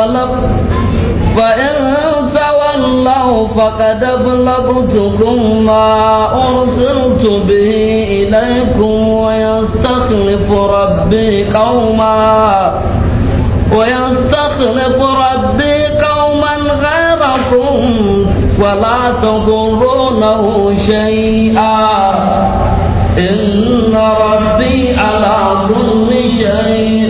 الطلب فإن تولوا فقد أبلغتكم ما أرسلت به إليكم ويستخلف ربي قوما ويستخلف ربي قوما غيركم ولا تضرونه شيئا إن ربي على كل شيء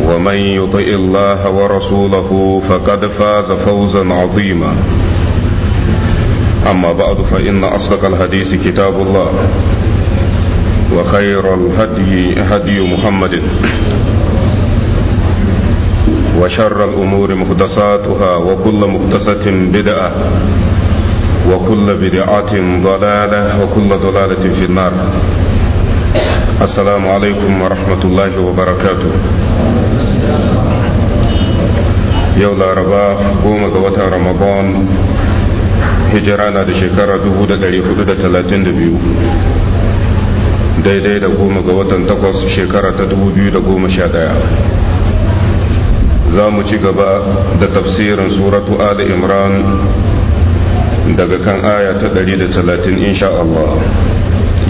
ومن يطع الله ورسوله فقد فاز فوزا عظيما أما بعد فإن أصدق الحديث كتاب الله وخير الهدي هدي محمد وشر الأمور محدثاتها وكل محدثة بدعة وكل بدعة ضلالة وكل ضلالة في النار السلام عليكم ورحمة الله وبركاته يولا ربا قوم قوتا رمضان هجرانا دا شكرا دبو دا داري دبيو daidai da goma ga watan takwas shekara ta dubu biyu da goma sha za mu ci gaba da tafsirin suratu ali imran daga kan aya ta 130 insha Allah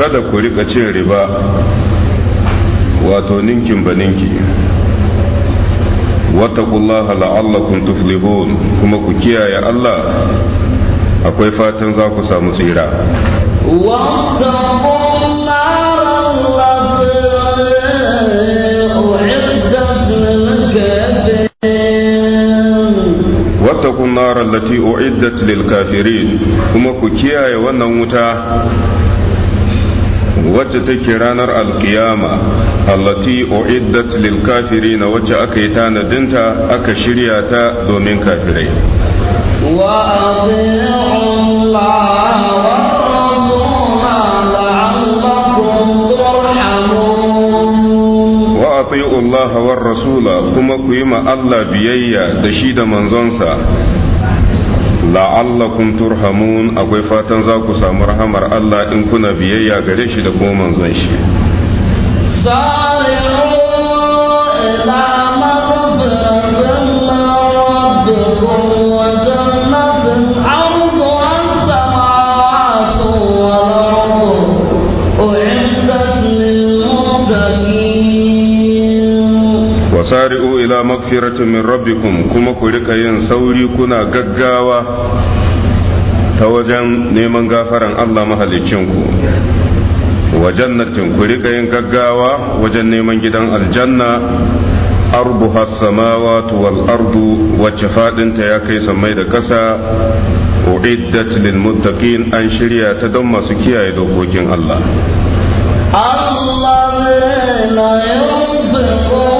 kada ku rika cin riba wato ninkin ba ninki wata wattaqullaha la'allakum tuflihun kuma ku kiyaye Allah akwai fatan za ku samu tsira Wata wattaqun nar allati u'iddat lil kafirin kuma ku kiyaye wannan wuta wacce take ranar alkiyama allati uiddat lil kafirin wacce aka yi tanadinta aka shirya ta domin kafirai wa Allah Allah war rasula kuma ku yi ma Allah biyayya da shi da manzonsa la'allakum turhamun akwai fatan za ku samu rahamar Allah in kuna biyayya gare shi da kuma manzon shi wasari'u ila magfiratin min rabbikum kuma ku rika yin sauri kuna gaggawa ta wajen neman gafaran Allah mahalicinku wa jannatin ku rika yin gaggawa wajen neman gidan aljanna arduha samawati wal ardu wacce fadinta ya kai sammai da ƙasa uiddat lil muttaqin an shirya ta don masu kiyaye dokokin Allah Allah la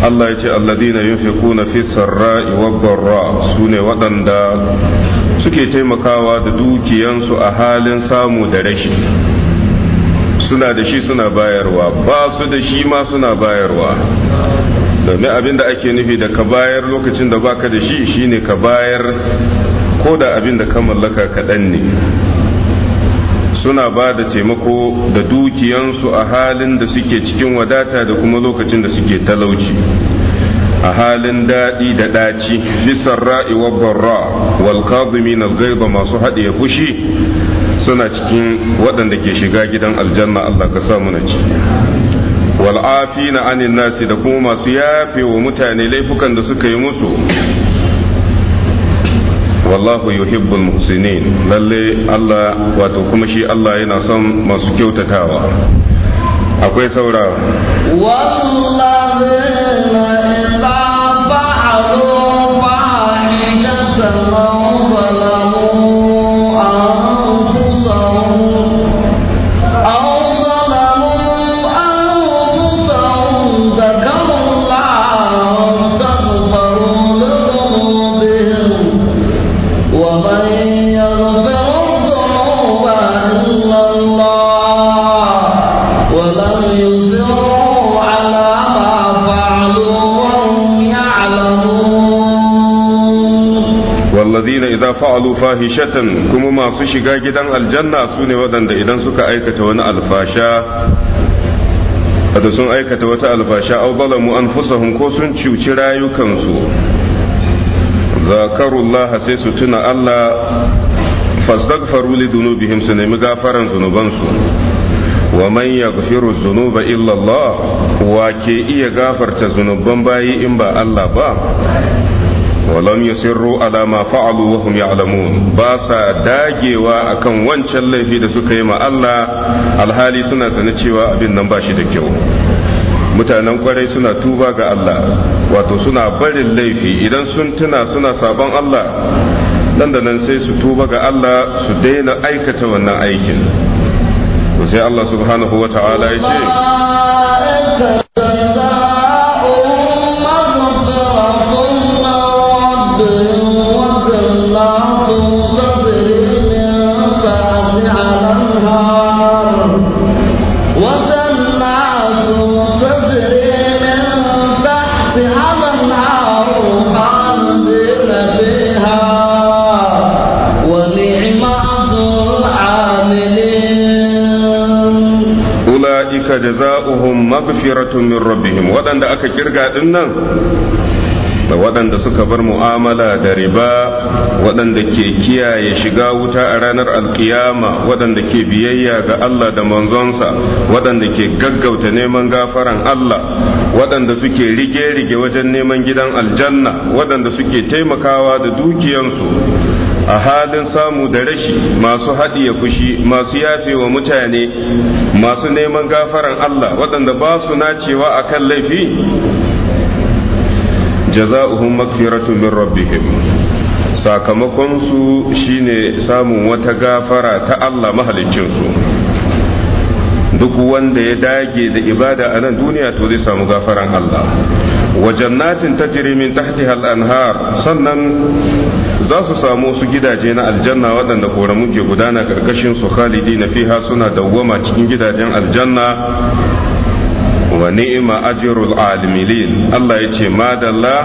Allah ya ce alladina yunfiquna fi sarra'i wa barra ne waɗanda suke taimakawa da dukiyansu a halin samu da rashi suna da shi suna bayarwa ba su da shi ma suna bayarwa domin abinda ake nufi da ka bayar lokacin da baka da shi shine ka bayar ko da abin da ka mallaka kaɗan ne suna ba da taimako da dukiyansu a halin da suke cikin wadata da kuma lokacin da suke talauci a halin daɗi da ɗaci bisan ra'i wa barra wal na gaiba masu haɗe fushi suna cikin waɗanda ke shiga gidan aljanna Allah ka samu na ci Wal'afi na anin nasi da kuma masu yafe wa mutane laifukan da suka yi musu wallahu yuhibbul muhsinin lalle Allah wato kuma shi Allah yana son masu kyautatawa akwai saurawa wallahu fa'alu fahishatan kuma masu shiga gidan aljanna su ne waɗanda idan suka aikata wani alfasha da sun aikata wata alfasha au zalamu anfusahum ko sun cuci rayukansu zakarullah sai su tuna Allah fastaghfaru li dunubihim su nemi gafaran zunubansu wa man yaghfiru dhunuba illa Allah wa ke iya gafarta zunuban bayi in ba Allah ba walam يسروا على ما فعلوا wa يعلمون باسا ba sa dagewa wancan laifi da suka yi ma Allah alhali suna sanin cewa abin nan ba shi da kyau mutanen kwarai suna tuba ga Allah wato suna barin laifi idan sun tuna suna sabon Allah nan da nan sai su tuba ga Allah su daina aikata wannan aikin sai Allah subhanahu wa ta'ala ya ce magfiratun min rabbihim waɗanda aka kirga din nan da waɗanda suka bar mu'amala da riba waɗanda ke kiyaye shiga wuta a ranar alkiyama waɗanda ke biyayya ga Allah da manzonsa waɗanda ke gaggauta neman gafaran Allah waɗanda suke rige-rige wajen neman gidan aljanna waɗanda suke taimakawa da dukiyansu a halin samu da rashi masu haɗiye fushi masu yafe wa mutane masu neman gafaran Allah waɗanda ba su nacewa a kan laifi jaza'uhum makfiratu min rabbihim sakamakonsu shine samun wata gafara ta Allah su. duk wanda ya dage da ibada a nan duniya to zai samu gafaran Allah wa jannatin tajri min tahtiha al-anhar sannan za su samu su gidaje na aljanna waɗanda kore ke gudana karkashin su khalidina fiha suna dawwama cikin gidajen aljanna wa ni'ma ajrul alimin Allah ya ce madalla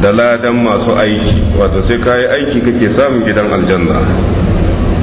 da ladan masu aiki wato sai kayi aiki kake samun gidan aljanna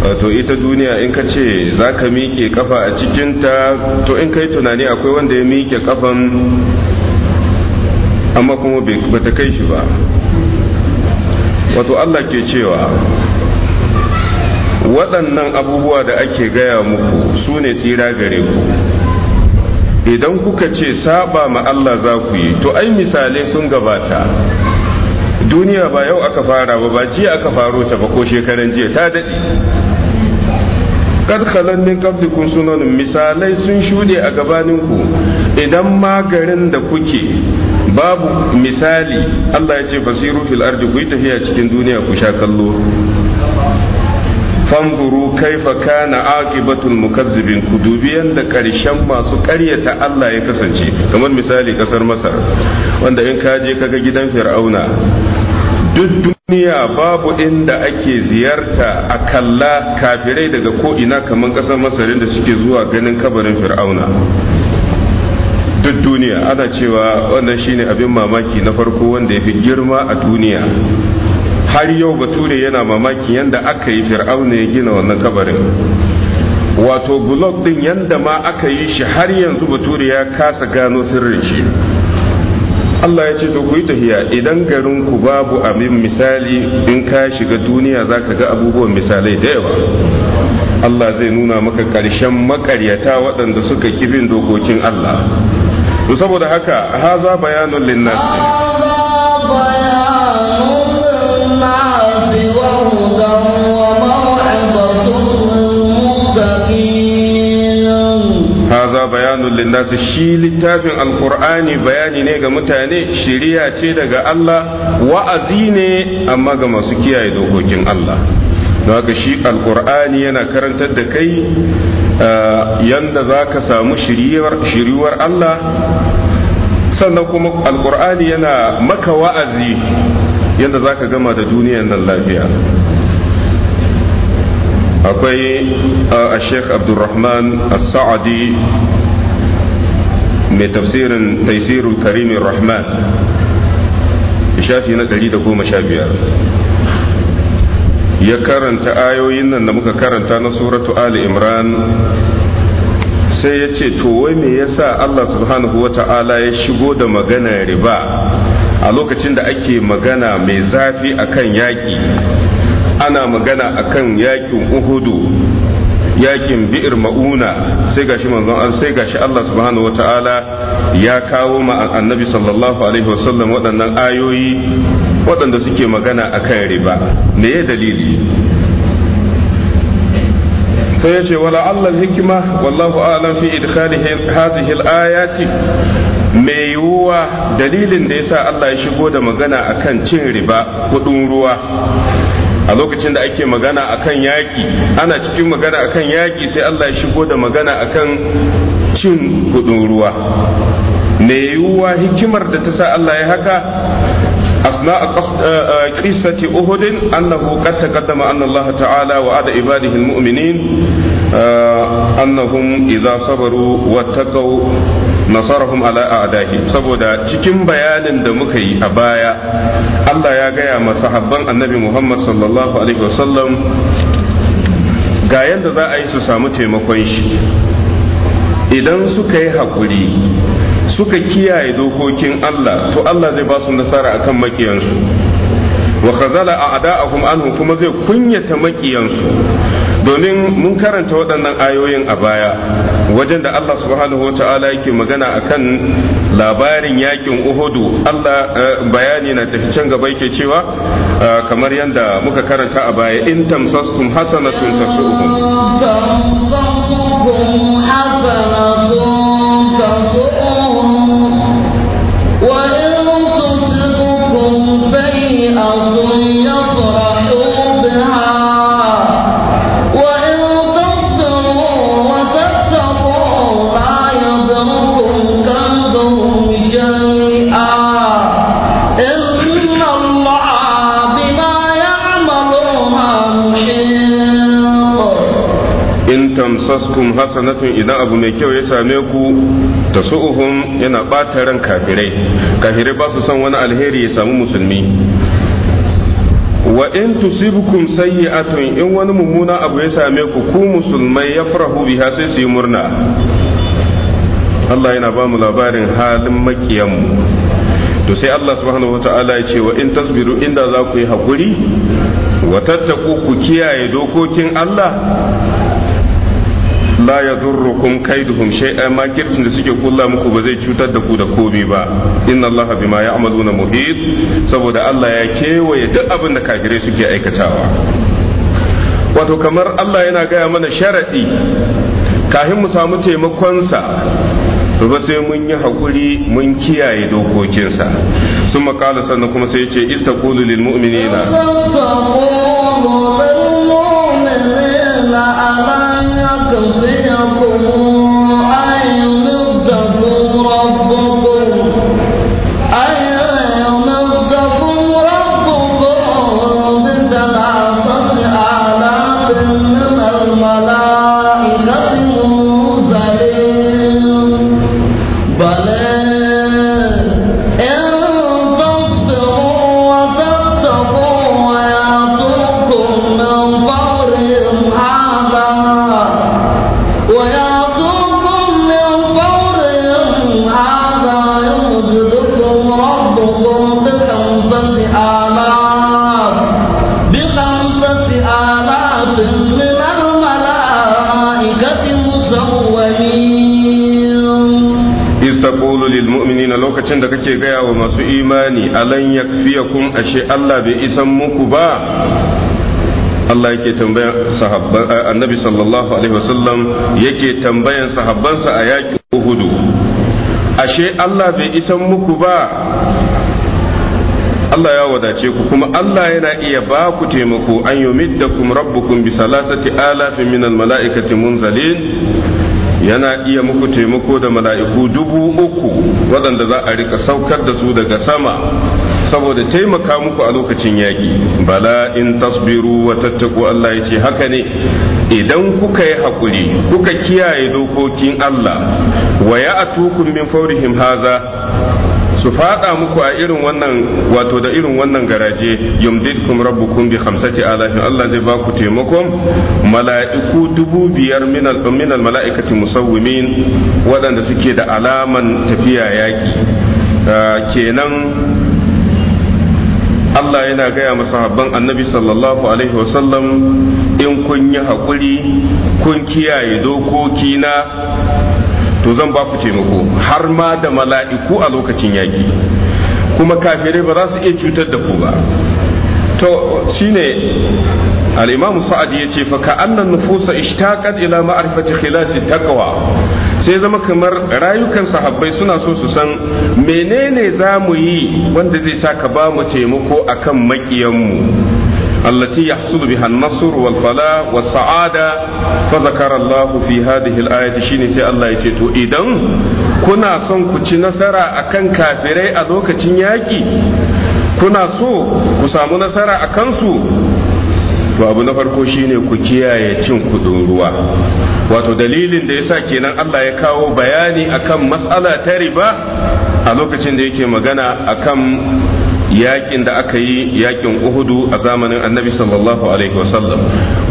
to ita duniya in ka ce za ka miƙe kafa a cikinta to in ka yi tunani akwai wanda ya miƙe kafan amma kuma ba ta kai shi ba wato Allah ke cewa waɗannan abubuwa da ake gaya muku su ne tsira gare ku idan kuka ce saba ma Allah za ku yi to ai misalai sun gabata duniya ba yau aka fara ba ba jiya aka faro ta ba ko shekaran jiya ta daɗe kad khalan min qablikum sunan misalai sun shude a gabaninku idan ma da kuke babu misali Allah ya ce fasiru fil ardi ku yi tafiya cikin duniya ku sha kallo fanzuru kaifa kana aqibatul mukazzibin ku dubi yanda karshen masu ƙaryata Allah ya kasance kamar misali kasar Masar wanda in ka je kaga gidan Fir'auna duk duniya babu inda ake ziyarta a kalla kafirai daga ko'ina kamar ƙasar masarin da suke zuwa ganin kabarin fir'auna duk duniya ana cewa wannan shine abin mamaki na farko wanda ya fi girma a duniya har yau bature yana mamaki yadda aka yi fir'auna ya gina wannan kabarin wato blog din yadda ma aka yi shi har yanzu bature ya kasa gano sirrin shi Allah ya ce to ku yi tafiya idan garin ku babu abin misali in ka shiga duniya za ka ga abubuwan misalai da yawa Allah zai nuna maka ƙarshen makaryata waɗanda suka kifin dokokin Allah to saboda haka ha bayanun bayanun linnan bayanun linnasi shi littafin alkur'ani bayani ne ga mutane shiriya ce daga Allah wa'azi ne amma ga masu kiyaye dokokin Allah don haka shi alkur'ani yana karantar da kai uh, yanda za ka samu shiriwar Allah sannan kuma alkur'ani yana maka wa'azi yanda za ka gama da duniyar nan lafiya akwai uh, a sheikh abdulrahman as-sa'adi mai tafsirin taisiru karimin rahman shafi na 115 ya karanta ayoyin nan da muka karanta na suratu ali imran sai ya ce to wai me yasa Allah subhanahu wa ta'ala ya shigo da magana riba a lokacin da ake magana mai zafi akan yaƙi ana magana akan yaƙin uhudu yakin bi'ir ma'una sai gashi manzon sai gashi Allah subhanahu wataala ya kawo ma annabi sallallahu alaihi wasallam waɗannan ayoyi waɗanda suke magana akan riba me ya dalili sai ya ce wala Allah hikima wallahu a'lam fi idkhalihi hadhihi al-ayati me yiwuwa dalilin da yasa Allah ya shigo da magana akan cin riba kudin ruwa a lokacin da ake magana akan yaki ana cikin magana akan yaki sai Allah ya shigo da magana akan cin kudin ruwa me yiwuwa hikimar da ta sa Allah ya haka asna a kisati uhudin annahu qad taqaddama anna Allah ta'ala wa ada ibadihi al-mu'minin annahum idza sabaru nasarahum ala a'dahi saboda cikin bayanin da muka yi a baya Allah ya gaya ma sahabban annabi Muhammad sallallahu alaihi wasallam ga yadda za a yi su samu taimakon shi idan suka yi hakuri suka kiyaye dokokin Allah to Allah zai ba su nasara akan makiyansu wa khazala a'da'ahum anhu kuma zai kunyata makiyansu domin mun karanta waɗannan ayoyin a baya wajen da Allah subhanahu wa ta'ala yake magana akan labarin yakin Uhudu Allah eh, bayani na tafi can gaba yake cewa eh, kamar yadda muka karanta a baya in tamsaskum hasanatun tasu'ukum hasanatun tusaskum hasanatun idan abu mai kyau ya same ku tasu'uhum yana bata ran kafirai kafirai ba su son wani alheri ya samu musulmi wa in tusibkum sayyi'atun in wani mummuna abu ya same ku ku musulmai farahu biha sai su yi murna Allah yana ba mu labarin halin makiyanmu to sai Allah subhanahu wata'ala ya ce wa in tasbiru inda za ku yi hakuri wa tattaku ku kiyaye dokokin Allah la da kaiduhum a ma kirtin da suke kula muku ba zai cutar da ku da komi ba inna allaha bima na muhit saboda Allah ya kewaye duk abin da kafirai suke aikatawa wato kamar Allah yana gaya mana sharaɗi kafin mu samu taimakonsa ba sai mun yi haƙuri mun kiyaye dokokinsa sun makala sannan kuma sai ce istaqulu lil mu'minina imani alan yakfiyakum ashe Allah bai isan muku ba Allah yake tambayan sahabban eh, annabi sallallahu alaihi wasallam yake tambayan sahabbansa a yakin uhudu ashe Allah bai isan muku ba Allah ya wadace ku kuma Allah yana iya ba ku taimako an yumiddakum rabbukum bi salasati alafin minal mala'ikati munzalin yana iya muku taimako da mala'iku dubu uku waɗanda za a rika saukar da su daga sama saboda taimaka muku a lokacin yaƙi bala in tasbiru wa tattaku Allah ya ce haka ne idan kuka yi hakuri kuka kiyaye dokokin Allah wa ya min faurihim haza su fada muku a irin wannan wato da irin wannan garaje yumdidkum rabbukum bi khamsati alafin Allah zai ba ku taimakon mala'iku dubu biyar min al mala'ikati musawwimin waɗanda suke da alaman tafiya yaki ah, kenan Allah yana gaya masahabban annabi sallallahu alaihi wasallam in kun yi hakuri kun kiyaye dokoki na. to zan ba ku taimako har ma da mala'iku a lokacin yaki kuma kafirai ba za su iya cutar da ku ba to shine al-imam sa'ad yace fa ka annan nufusa ishtaqat ila ma'rifati khilasi taqwa sai zama kamar rayukan sahabbai suna so su san menene za mu yi wanda zai sa ka ba mu taimako akan makiyanmu التي يحصل بها النصر والفلاح والسعادة فذكر الله في هذه الآية شيني سي الله يتيتو إذن كنا nasara akan أكن كافري lokacin تنياكي كنا so ku samu أكن a kansu abu na farko shine ku kiyaye cin kuɗin ruwa wato dalilin da yasa kenan Allah ya kawo bayani akan matsala ta riba a lokacin da yake magana akan yakin da aka yi yakin uhudu a zamanin annabi sallallahu alaihi wasallam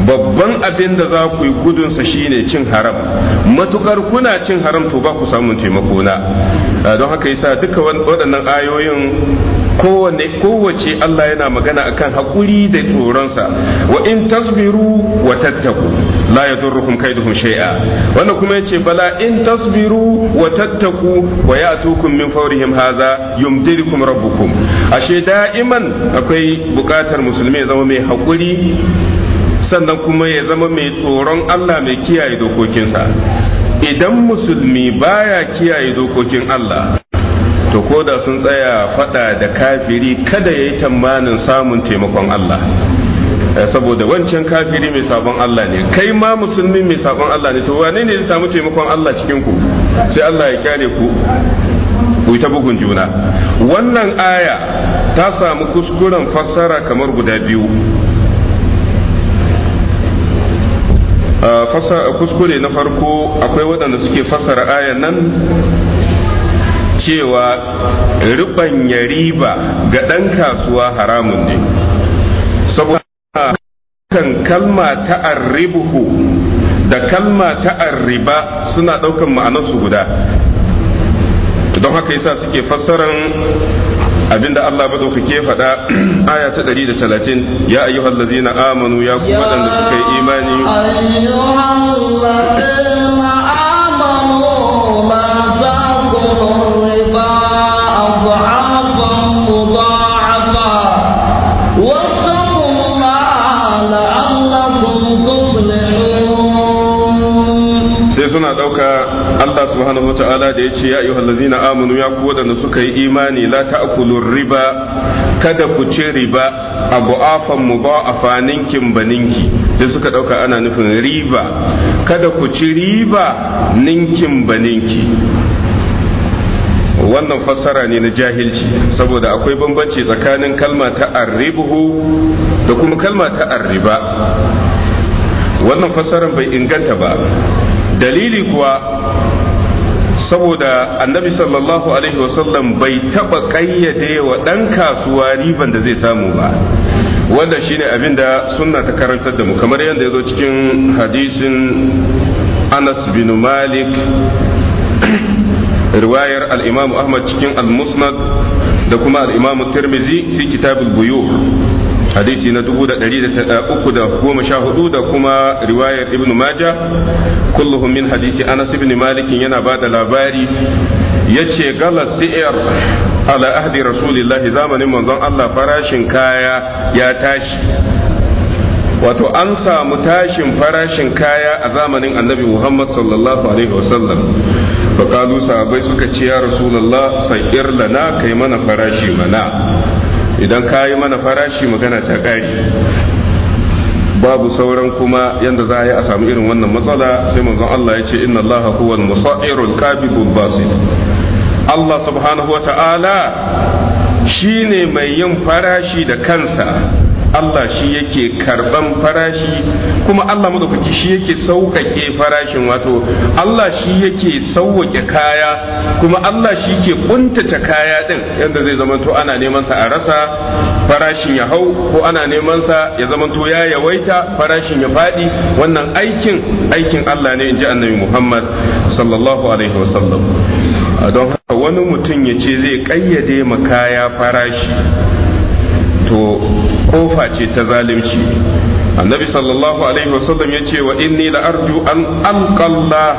babban abin da za ku yi gudun sa shine cin haram matukar kuna cin haram to ba ku samu taimako na ah, don haka yasa duka waɗannan ayoyin kowanne kowace Allah yana magana akan haƙuri da tsoronsa wa in tasbiru wa tattaku la kai duhun shay'a wannan kuma yace bala in tasbiru wa tattaku wa ya'tukum min fawrihim haza yumdirukum rabbukum ashe da'iman akwai bukatar musulmi ya zama mai hakuri sannan kuma ya zama mai tsoron Allah mai kiyaye dokokinsa idan musulmi baya kiyaye dokokin Allah to koda sun tsaya faɗa da kafiri kada ya yi tamanin samun taimakon Allah saboda wancan kafiri mai sabon Allah ne kai ma musulmi mai sabon Allah ne to wane ne zai samu taimakon Allah cikin ku sai Allah ya kyale ku ku ta bugun juna wannan aya ta samu kuskuren fassara kamar guda biyu kuskure na farko akwai waɗanda suke fassara ayan nan cewa ya riba ga ɗan kasuwa haramun ne kan kalma ta da kalma ta'arriba suna ɗaukan ma'anarsu guda don haka yasa suke fassaran abinda Allah ba ke faɗa aya ta 130 ya ayyuhal ladzina amanu ya kuma waɗanda suka yi imani Allah subhanahu wataala da ya ce ya ayyuhal ladzina amanu ya ku wadanda suka yi imani la ta'kulu riba kada ku ci riba a bu'afan mudha'afa ninkin baninki sai suka dauka ana nufin riba kada ku ci riba ninkin baninki wannan fassara ne na jahilci saboda akwai bambanci tsakanin kalma ta arribuhu da kuma kalma ta arriba wannan fassarar bai inganta ba dalili kuwa saboda annabi sallallahu alaihi wasallam bai taba kayyade wa dan kasuwa riban da zai samu ba wanda shine abin da sunna ta karantar da mu kamar yadda ya zo cikin hadisin anas bin malik riwayar al-imam ahmad cikin al-musnad da kuma al-imam tirmizi fi kitab al-buyu hadisi na 314 eh, da kuma riwayar ibn maja kulluhum min hadisi anas ibn malik yana bada labari yace galas si'ir ala ahdi rasulillah zamanin manzon Allah farashin kaya ya tashi wato an samu tashin farashin kaya a zamanin annabi Muhammad sallallahu alaihi wasallam fa kalu sahabbai suka ce ya rasulullah sayir lana kai mana farashi mana idan ka yi mana farashi magana ta ƙari babu sauran kuma yadda za a yi a samu irin wannan matsala sai manzon Allah ya ce inna Allah huwa musairul kabibul basit Allah subhanahu wa ta'ala shine mai yin farashi da kansa Allah shi yake karban farashi kuma Allah madaukaki shi yake sauƙaƙe farashin wato Allah shi yake sauƙaƙe kaya kuma Allah shi ke kuntata kaya ɗin, yadda zai zamanto ana neman sa a rasa farashin ya hau ko ana neman sa ya zamanto ya yawaita farashin ya faɗi wannan aikin aikin Allah ne inji Annabi Muhammad sallallahu alaihi wasallam don haka wani mutum ya ce zai ƙayyade ma kaya farashi to kofa ce ta zalunci annabi sallallahu alaihi wasallam ya ce wa inni la arju an alqallah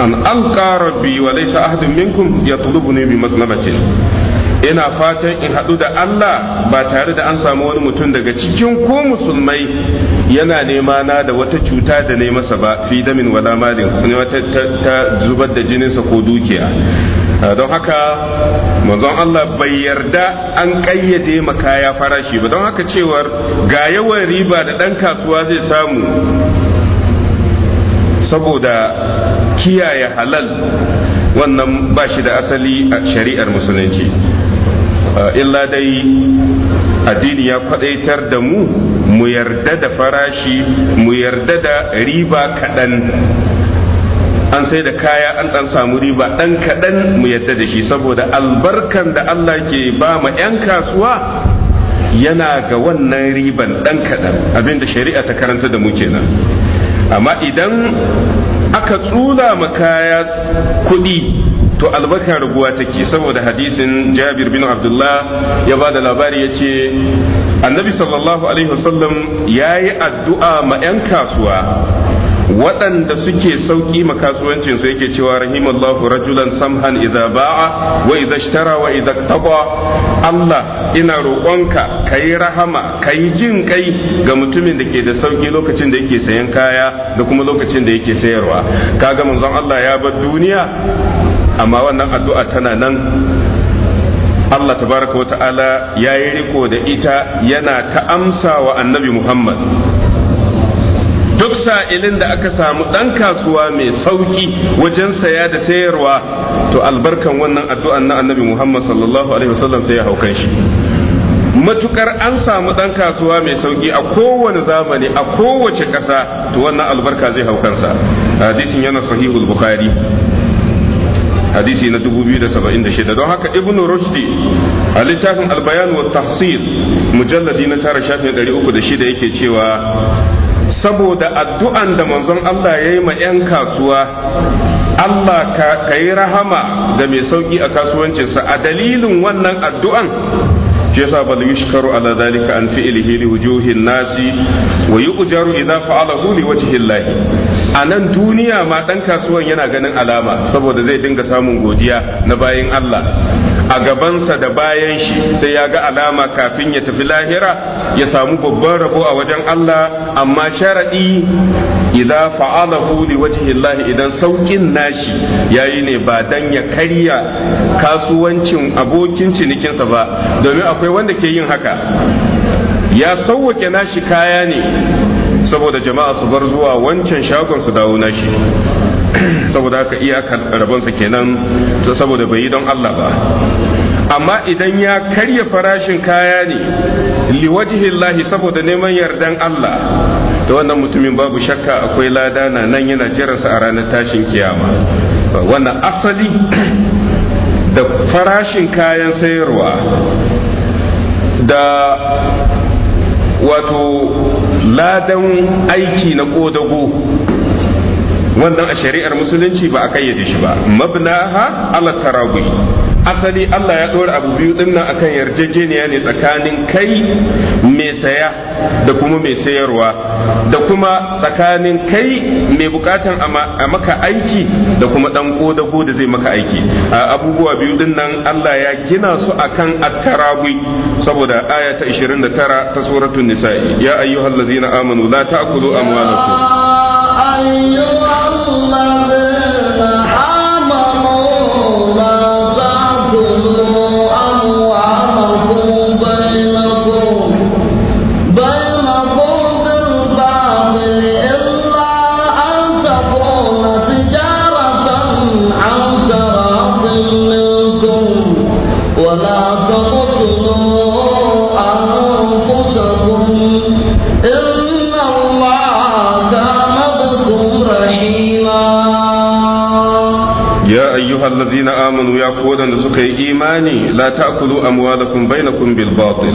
an alqa rabbi wa laysa ahadun minkum yatlubuni bi ina fatan in haɗu da Allah ba tare da an samu wani mutum daga cikin ko musulmai yana nema na da wata cuta da ne masa ba fi damin wala malin ta zubar da jininsa ko dukiya ah, don haka manzon Allah bai yarda an ƙayyade makaya farashi ba don haka cewar ga yawan riba da ɗan kasuwa zai samu saboda kiyaye halal wannan ba shi da asali a shari'ar musulunci Eh, illa dai addini ya kwadaitar da mu mu yarda da farashi mu yarda da riba kaɗan an sai da kaya an ɗan samu riba ɗan kaɗan mu yarda da shi saboda albarkan da Allah ke ba ma 'yan kasuwa yana ga wannan riban ɗan kaɗan abinda shari'a ta karanta da mu kenan amma idan aka tsula ma kaya kuɗi to albarka raguwa take saboda hadisin jabir bin abdullah ya ba da labari ya ce annabi sallallahu alaihi wasallam ya yi addu'a ma 'yan kasuwa waɗanda suke sauki ma kasuwancinsu yake cewa rahimallahu rajulan samhan idza ba'a wa idza ishtara wa idza Allah ina roƙonka kai rahama kai jin kai ga mutumin da ke da sauƙi lokacin da yake sayan kaya da kuma lokacin da yake sayarwa kaga manzon Allah ya bar duniya amma wannan addu'a tana nan Allah tabaraka wa ta'ala ya yi riko da ita yana ta amsa wa annabi Muhammad duk sa'ilin da aka samu ɗan kasuwa mai sauƙi wajen saya da sayarwa to albarkan wannan addu'an na annabi Muhammad sallallahu alaihi wasallam sai ya haukan shi matukar an samu ɗan kasuwa mai sauƙi a kowane zamani a kowace ƙasa to wannan albarka zai haukansa hadisin yana sahihul bukhari hadisi na 2076 don haka ibn rushdi a littafin albayan wa tahsil mujalladi na tara shafin 306 yake cewa saboda addu'an da manzon Allah ya yi ma 'yan kasuwa Allah ka yi rahama da mai sauƙi a kasuwancinsa a dalilin wannan addu'an yasa bal yushkaru ala zalika an fi'lihi li wujuhin nasi wa ujaru idza fa'alahu huli wajihin Allah a nan duniya ma dan kasuwan yana ganin alama saboda zai dinga samun godiya na bayan Allah a gabansa da bayan shi sai ya ga alama kafin ya tafi lahira ya samu babban rabo a wajen Allah amma sharaɗi idan fa'alahu li wajhi Allah idan saukin nashi yayi ne ba dan ya karya kasuwancin abokin cinikinsa ba domin akwai wanda ke yin haka ya sauwake nashi kaya ne saboda jama'a su bar zuwa wancan shagon su dawo na shi saboda haka iyakan rabonsa kenan saboda bai yi don Allah ba amma idan ya karya farashin kaya ne liwajihillahi saboda neman yardan Allah da wannan mutumin babu shakka akwai lada na nan yana jiransa a ranar tashin kiyama wannan asali da farashin kayan sayarwa da wato ladan aiki na kodago wannan a shari'ar musulunci ba a kayyade shi ba mabnaha ala tarawih asali Allah ya ɗora abu biyu ɗin nan akan yarjejeniya ne tsakanin kai mai saya da kuma mai sayarwa da kuma tsakanin kai mai bukatan a maka aiki da kuma ɗan ƙodago da zai maka aiki a abubuwa biyu ɗin Allah ya gina su akan at-tarawi saboda aya ta 29 ta suratul nisa'i ya ayyuhallazina amanu la ta'kulu amwalakum ayyuhallazina imani la ta'kulu amwalakum bainakum bil batil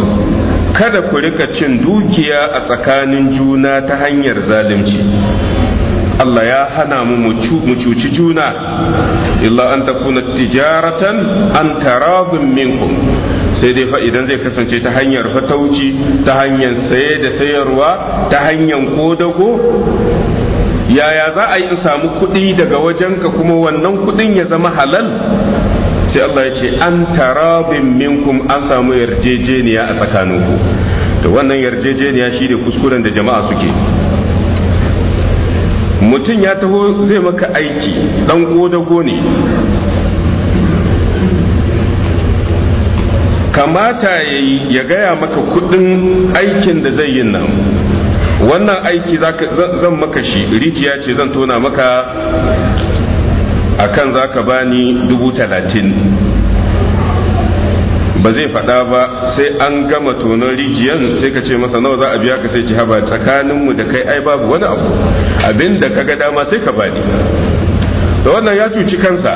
kada ku rika cin dukiya a tsakanin juna ta hanyar zalunci Allah ya hana mu mu cuci juna illa an takuna tijaratan an taradun minkum sai dai fa idan zai kasance ta hanyar fatauci ta hanyar saye da sayarwa ta hanyar kodago yaya za a yi in samu kuɗi daga wajenka kuma wannan kuɗin ya zama halal sai Allah ya ce an tarabin minkum an samu yarjejeniya a tsakaninku to wannan yarjejeniya shi da kuskuren da jama'a suke mutum ya taho zai maka aiki dan godago ne kamata ya yi ya gaya maka kudin aikin da zai yi nan wannan aiki zan maka shi rijiya ce zan tona maka akan zaka bani dubu talatin ba zai faɗa ba sai an gama tonon rijiyan sai ka ce masa nawa za a biya ka sai jihar tsakaninmu da kai ai babu wani abu abin da ka ga dama sai ka bani da wannan ya cuci kansa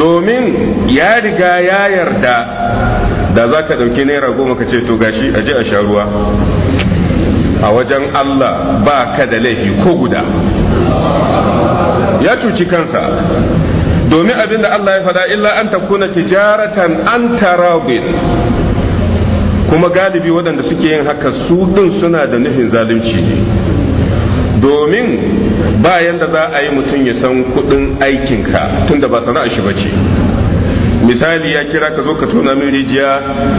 domin ya riga ya yarda da za ka ɗauki naira goma ka ce to gashi a je a sha ruwa a wajen Allah ba ka da laifi ko guda ya cuci kansa domin abinda Allah ya faɗa illa an takuna tijaratan an tarabin kuma galibi waɗanda suke yin haka su ɗin suna da nufin zalunci domin bayan da za a yi mutum ya san kuɗin aikinka tunda ba sana'a shi ce. misali ya kira ka zo ka tona min rijiya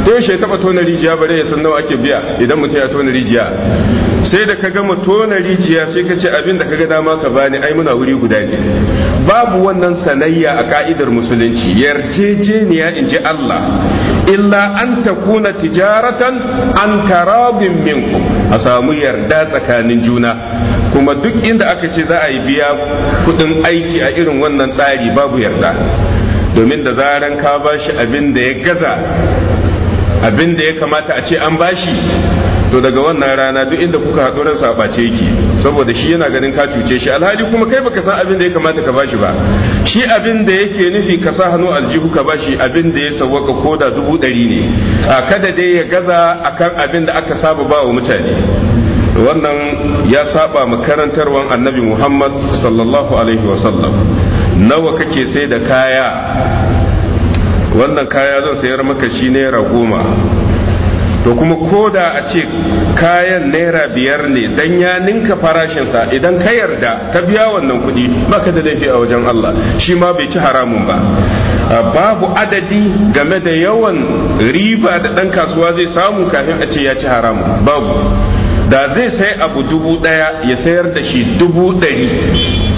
to yaushe taba tona rijiya bare ya san nawa ake biya idan mutum ya tona rijiya sai da ka gama tona rijiya sai ka ce abin da kaga dama ka bani ai muna wuri guda ne babu wannan sanayya a ka'idar musulunci yarjejeniya in ji Allah illa an takuna tijaratan an tarabin minku a samu yarda tsakanin juna kuma duk inda aka ce za a yi biya kudin aiki a irin wannan tsari babu yarda domin da zaran ka bashi abin da ya gaza abin da ya kamata a ce an bashi to daga wannan rana duk inda kuka haɗu ransa a ɓace yake saboda shi yana ganin ka cuce shi alhali kuma kai baka san abin da ya kamata ka bashi ba shi abin da yake nufi ka sa hannu aljihu ka bashi abin da ya sawwaka ko da dubu ɗari ne kada dai ya gaza akan abin da aka saba ba wa mutane wannan ya saba makarantarwan annabi muhammad sallallahu alaihi wasallam nawa kake sai da kaya wannan kaya zan sayar maka shi naira goma to kuma ko da a ce kayan naira biyar ne dan ya ninka farashinsa idan ka yarda ka biya wannan kuɗi baka da laifi a wajen Allah shi ma bai ci haramun ba babu adadi game da yawan riba da ɗan kasuwa zai samu kafin a ce ya ci haramun babu da zai sai abu dubu ɗaya ya sayar da shi dubu ɗari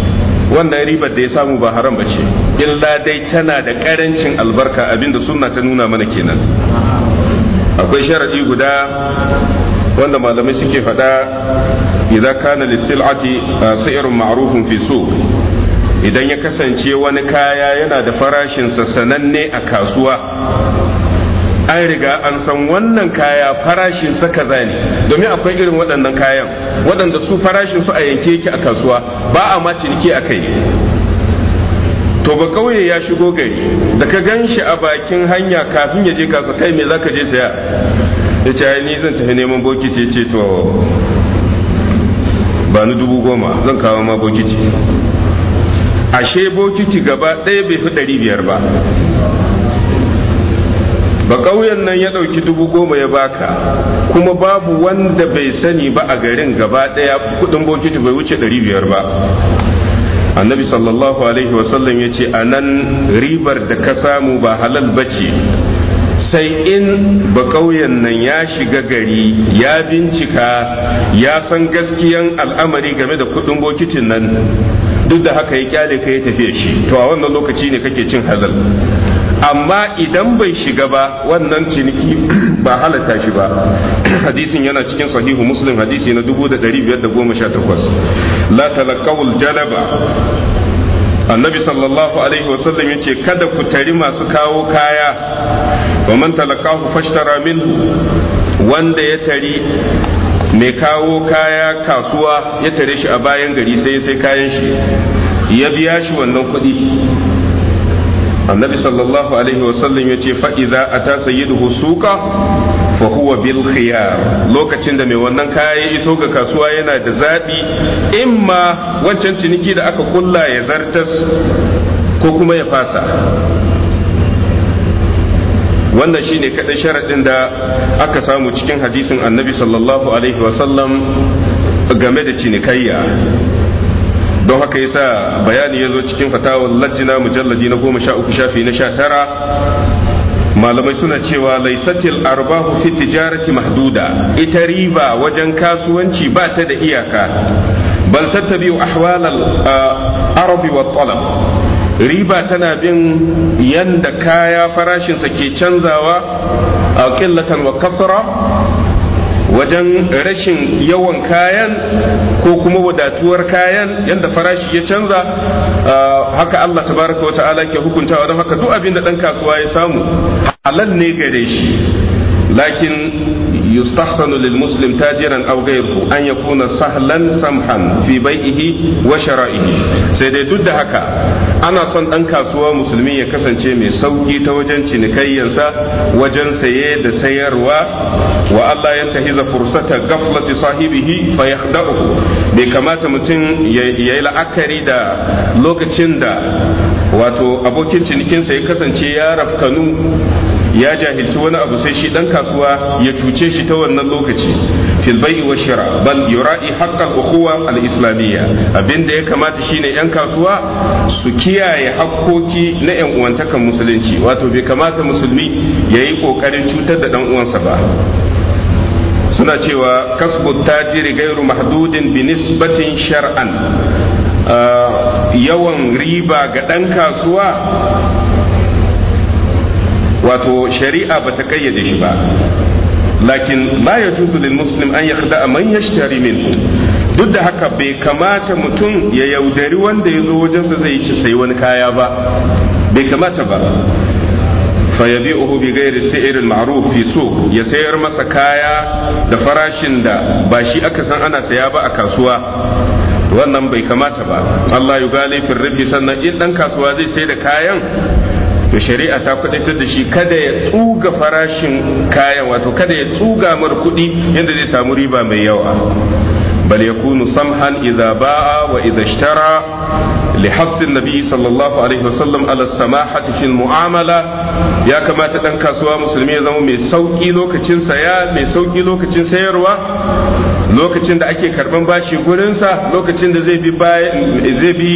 wannan ribar da ya samu ba haram ba ce illa dai tana da karancin albarka abinda sunna ta nuna mana kenan akwai sharadi guda wanda malamai suke faɗa idan kana lisil'ati ah, sa'irun ma'rufun fi suq idan ya kasance wani kaya yana da farashinsa sananne a kasuwa an riga an san wannan kaya farashin sa kaza ne domin akwai irin waɗannan kayan waɗanda su farashin su a yanke yake a kasuwa ba a ma ciniki a kai to ba kauye ya shigo gari da ka gan shi a bakin hanya kafin ya je kasa kai me zaka je saya ya ce ni zan tafi neman bokiti ce to ba ni dubu goma zan kawo ma bokiti ashe bokiti gaba ɗaya bai fi ɗari biyar ba ba ƙauyen nan ya ɗauki dubu goma ya baka kuma babu wanda bai sani ba a garin gaba ɗaya kuɗin bokiti bai wuce ɗari biyar ba annabi sallallahu alaihi wasallam ya ce a nan ribar da ka samu ba halal ba ce. sai in ba ƙauyen nan ya shiga gari ya bincika ya san gaskiyan al'amari game da kuɗin bokitin nan duk da haka ya kyale ka ya tafiya shi to a wannan lokaci ne kake cin hazal amma idan bai shiga ba wannan ciniki ba halatta shi ba hadisin yana cikin sahihu muslim hadisi na 1518 la talaqawul jalaba annabi sallallahu alaihi wasallam ya kada ku tari masu kawo kaya wa man talaqahu fashtara minhu wanda ya tari mai kawo kaya kasuwa ya tare shi a bayan gari sai sai kayan shi ya biya shi wannan kuɗi annabi sallallahu alaihi wasallam ya ce fa'iza a ta sayyidu suka fa huwa bil khiyar lokacin da mai wannan kaya ya iso ga kasuwa yana da zaɓi imma wancan ciniki da aka kulla ya zartas ko kuma ya fasa wannan shine kaɗai sharaɗin da aka samu cikin hadisin annabi sallallahu alaihi wasallam game da cinikayya don haka yasa bayani ya zo cikin fatawar lajina mujallaji na goma sha uku shafi na sha tara malamai suna cewa laisatil arbahu fi tijarati mahduda ita riba wajen kasuwanci ba ta da iyaka bal tattabi'u ahwalal ah, arabi wa talab riba tana bin yanda kaya farashinsa ke canzawa a qillatan wa kasra wajen rashin yawan kayan ko kuma wadatuwar kayan yadda farashi ya canza haka Allah tabaraka wa ta'ala ke hukuntawa don haka duk abin da ɗan kasuwa ya samu halal ne gare shi lakin yustahsanu lil muslim ta jiran ghayruhu an yakuna sahlan samhan fi bai'ihi wa shara'ihi sai dai duk da haka ana son dan kasuwa musulmi ya kasance mai sauki ta wajen cinikayyansa wajen saye da sayarwa wa Allah ya tahiza fursata gaflati sahibihi fa yakhda'uhu bai kamata mutum yayi la'akari da lokacin da wato abokin cinikinsa ya kasance ya rafkanu ya jahilci wani abu sai shi dan kasuwa ya cuce shi ta wannan lokaci fil bai'i wa shira bal yura'i haqqal ukhuwa al islamiyya abinda ya kamata shine yan kasuwa su kiyaye hakkoki na yan uwantakan musulunci wato bai kamata musulmi yayi kokarin cutar da dan uwansa ba suna cewa kasbu tajiri gairu mahdudin bi nisbatin shar'an ah, yawan riba ga dan kasuwa wato shari'a ba ta kayyade shi ba lakin la yajuzu lil muslim an yakhda man yashtari min duk da haka bai kamata mutum ya yaudari wanda ya zo wajensa zai ci sai wani kaya ba bai kamata ba fayabi'uhu bi ghairi si'ir al-ma'ruf fi suq ya sayar masa kaya da farashin da ba shi aka san ana saya ba a kasuwa wannan bai kamata ba Allah ya laifin fi sannan in dan kasuwa zai sai da kayan to shari'a ta kudaitar da shi kada ya tsuga farashin kayan wato kada ya tsuga mar kudi yadda zai samu riba mai yawa bal yakunu samhan idza ba'a wa idza ishtara li hasin nabi sallallahu alaihi wasallam ala samahati fil mu'amala ya kamata dan kasuwa musulmi ya zama mai sauki lokacin saya mai sauki lokacin sayarwa lokacin da ake karban bashi gurinsa lokacin da zai bi zai bi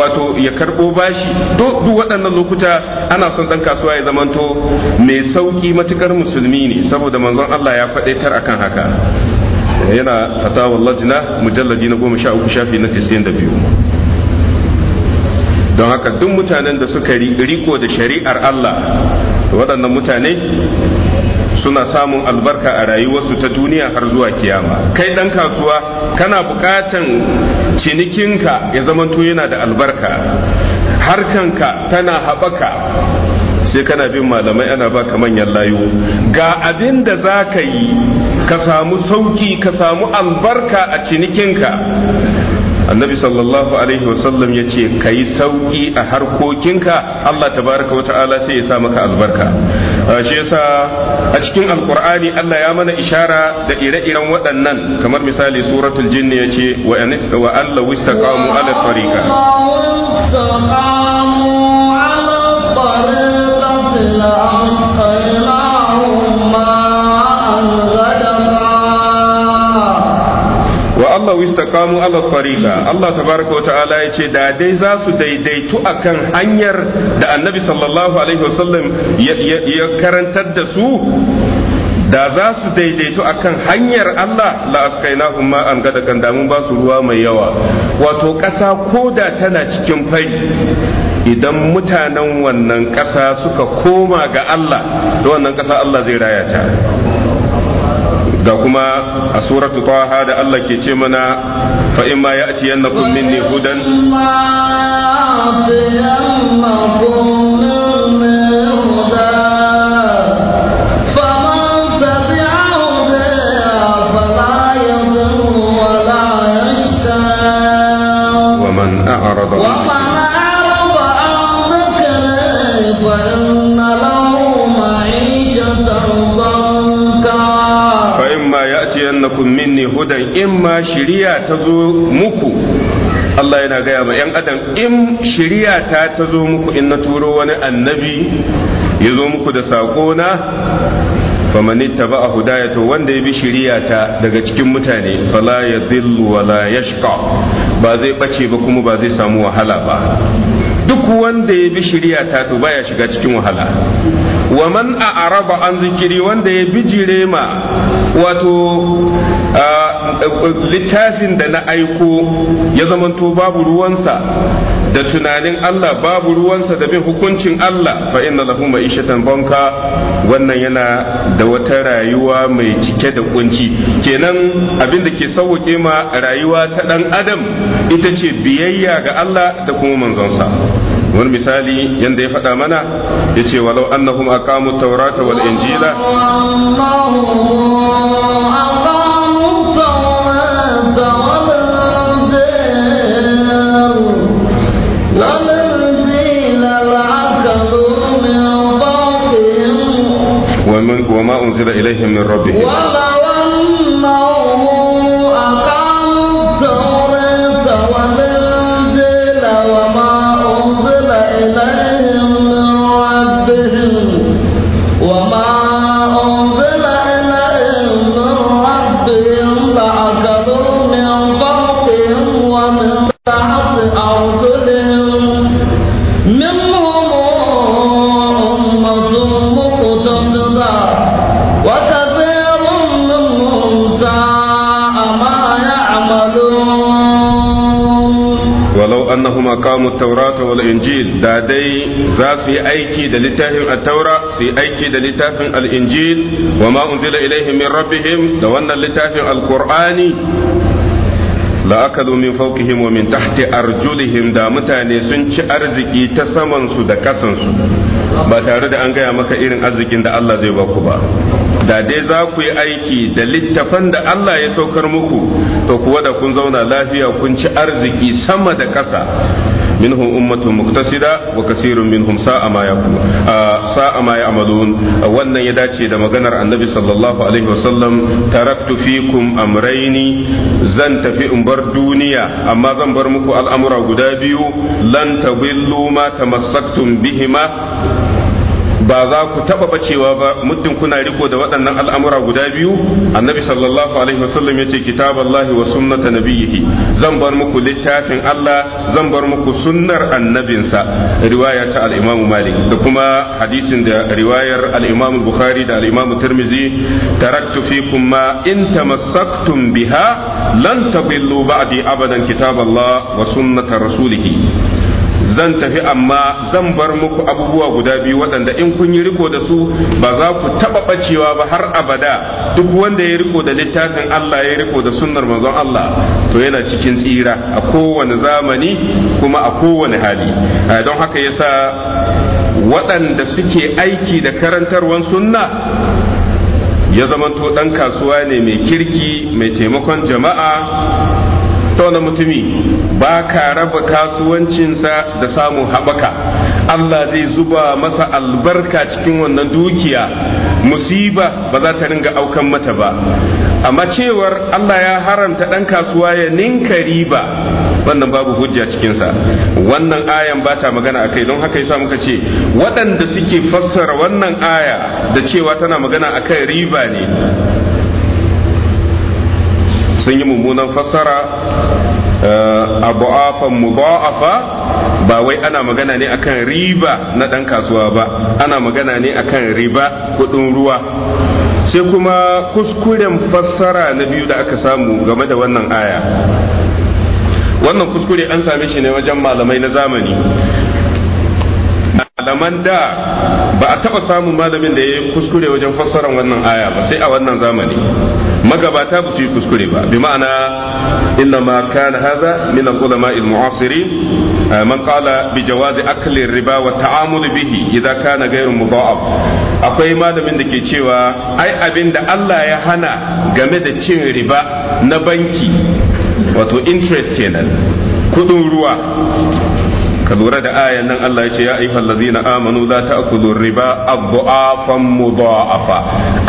wato ya karbo bashi to duk waɗannan lokuta ana son ɗan kasuwa ya zamanto mai sauƙi matukar musulmi ne saboda manzon Allah ya faɗaitar akan haka yana fatawar lajina mujalladi na goma sha uku shafi na tisiyan da biyu don haka duk mutanen da suka riko da shari'ar Allah waɗannan mutane suna samun albarka a rayuwarsu ta duniya har zuwa kiyama kai ɗan kasuwa kana buƙatan cinikinka ya zamanto yana da albarka harkanka tana haɓaka sai kana bin malamai ana baka manyan layu ga abin da za ka yi ka samu sauƙi ka samu albarka a cinikinka annabi sallallahu alaihi wasallam ya ce ka yi sauki a harkokinka Allah tabaraka wata'ala sai ya sa maka albarka shi yasa a cikin alkur'ani Allah ya mana ishara da ire-iren waɗannan kamar misali suratul jinn ya ce wa allah law istaqamu ala tariqa ala tariqa Allah kamu ala tsarika Allah tabaraka ta'ala ya ce da dai za su daidaitu a kan hanyar da annabi sallallahu alaihi wasallam ya karantar da su da za su daidaitu a kan hanyar Allah la askaina ma an gada kan damun ba su ruwa mai yawa wato ƙasa ko da tana cikin fai idan mutanen wannan ƙasa suka koma ga Allah da wannan ƙasa Allah zai raya ta ga kuma a suratu taha da Allah ke ce mana fa in ma ya'tiyannakum minni hudan hudan in ma shirya ta zo muku Allah yana gaya ma 'yan adam in shirya ta ta zo muku in na turo wani annabi ya zo muku da saƙona famani ba a hudaya to wanda ya bi shirya ta daga cikin mutane fala ya zillu wala ya shika ba zai ɓace ba kuma ba zai samu wahala ba duk wanda ya bi shirya ta to baya shiga cikin wahala wa man a a'raba an zikiri wanda ya bi jirema wato littafin da na aiko ya zamanto babu ruwansa da tunanin Allah babu ruwansa da bin hukuncin Allah fa inna lahu ma'ishatan banka wannan yana da wata rayuwa mai cike da kunci kenan abin da ke sauke ma rayuwa ta dan adam ita ce biyayya ga Allah da kuma manzonsa wani misali yadda ya faɗa mana ya ce walau annahum aqamu taurata wal injila وما أنزل إليهم من ربهم وما injil da dai za su yi aiki da littafin at-taura su yi aiki da littafin al-injil wa ma unzila ilaihim min rabbihim da wannan littafin alkur'ani qurani la akalu min fawqihim wa min tahti arjulihim da mutane sun ci arziki ta samansu da kasansu ba tare da an gaya maka irin arzikin da Allah zai baku ba da dai za ku yi aiki da littafan da Allah ya saukar muku to kuwa da kun zauna lafiya kun ci arziki sama da ƙasa minhum ummatun muqtasida wa kasirun minhum sa'a ma yaqulu ah, sa'a ma ya'malun ah, wannan ya dace da maganar annabi sallallahu alaihi wasallam taraktu fikum amraini zan tafi in bar duniya amma zan bar muku al'amura guda biyu lan tabillu ma tamassaktum bihima ba za ku taɓa bacewa ba muddin kuna riko da waɗannan al'amura guda biyu annabi sallallahu alaihi wasallam yace Allah wa sunnata nabiyhi zan bar muku littafin Allah zan bar muku sunnar annabinsa riwaya ta Malik da kuma hadisin da riwayar al Bukhari da alimam tirmizi Tirmidhi taraktu fikum ma in tamassaktum biha lan tadillu ba'di abadan Allah wa sunnata rasulih zan tafi amma zan bar muku abubuwa guda biyu waɗanda in kun yi riko da su ba za ku taɓa ɓacewa ba har abada duk wanda ya riko da littafin Allah ya riko da sunnar manzon Allah to yana cikin tsira a kowane zamani kuma a kowane hali ah, don haka yasa waɗanda suke aiki da karantarwan sunna ya zamanto ɗan kasuwa ne mai kirki mai taimakon jama'a ta wani mutumi ba ka raba kasuwancinsa da samun haɓaka Allah zai zuba masa albarka cikin wannan dukiya musiba ba za ta ringa aukan mata ba amma cewar Allah ya haramta ɗan kasuwa ya ninka riba wannan babu hujja cikinsa wannan ayan ba ta magana a kai don haka yasa muka ce waɗanda suke fassara wannan aya da cewa tana magana a kan riba ne sun yi mummunan fassara a eh, abu'afan muba'afa ba wai ana magana ne akan riba na ɗan kasuwa ba ana magana ne akan riba kuɗin ruwa sai kuma kuskuren fassara na biyu da aka samu game da wannan aya wannan kuskure an same shi ne wajen malamai na zamani malaman da ba a taɓa samun malamin da ya yi kuskure wajen fassara wannan aya ba sai a wannan zamani magabata ba su yi kuskure ba bi ma'ana inna ma kana hadha min al-ulama al-mu'asirin eh, man qala bi jawazi akli riba wa ta'amul bihi idza kana ghayr mudha'af akwai malamin da ke cewa ai abinda Allah ya hana game da cin riba na banki wato interest kenan kudin ruwa ka lura da ayan nan Allah ya ce ya ayyuhal ladzina amanu la ta'kulu riba adhafan mudha'afa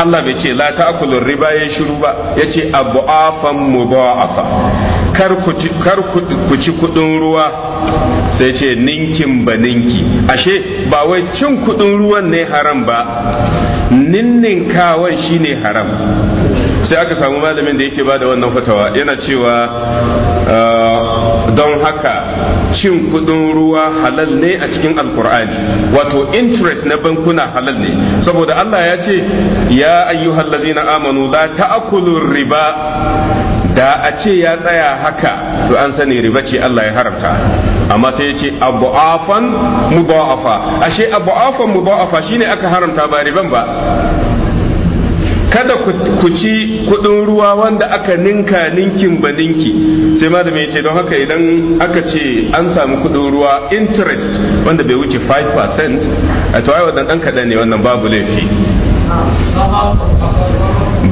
Allah bai ce la ta'kulu riba ya shiru ba yace adhafan mudha'afa kar ku kar ku ci kudin ruwa sai ce ninkin ba ninki ashe ba wai cin kudin ruwan ne haram ba ninnin kawai shine haram sai aka samu malamin da yake ba da wannan fatawa yana cewa ah, don haka cin kudin ruwa halal ne a cikin alkur'ani wato interest na bankuna halal ne saboda Allah ya ce ya ayyuhallazina amanu la ta'kulu riba da a ce ya tsaya haka to an sani riba ce Allah ya haramta amma sai ya ce abu'afan mudha'afa ashe abu'afan mudha'afa shine aka haramta ba riban ba kada ku ci kudin ruwa wanda aka ninka ninkin ba ninki sai malami ya ce don haka idan aka ce an samu kudin ruwa interest wanda bai wuce 5% a tawai wadanda ɗan kaɗan ne wannan babu laifi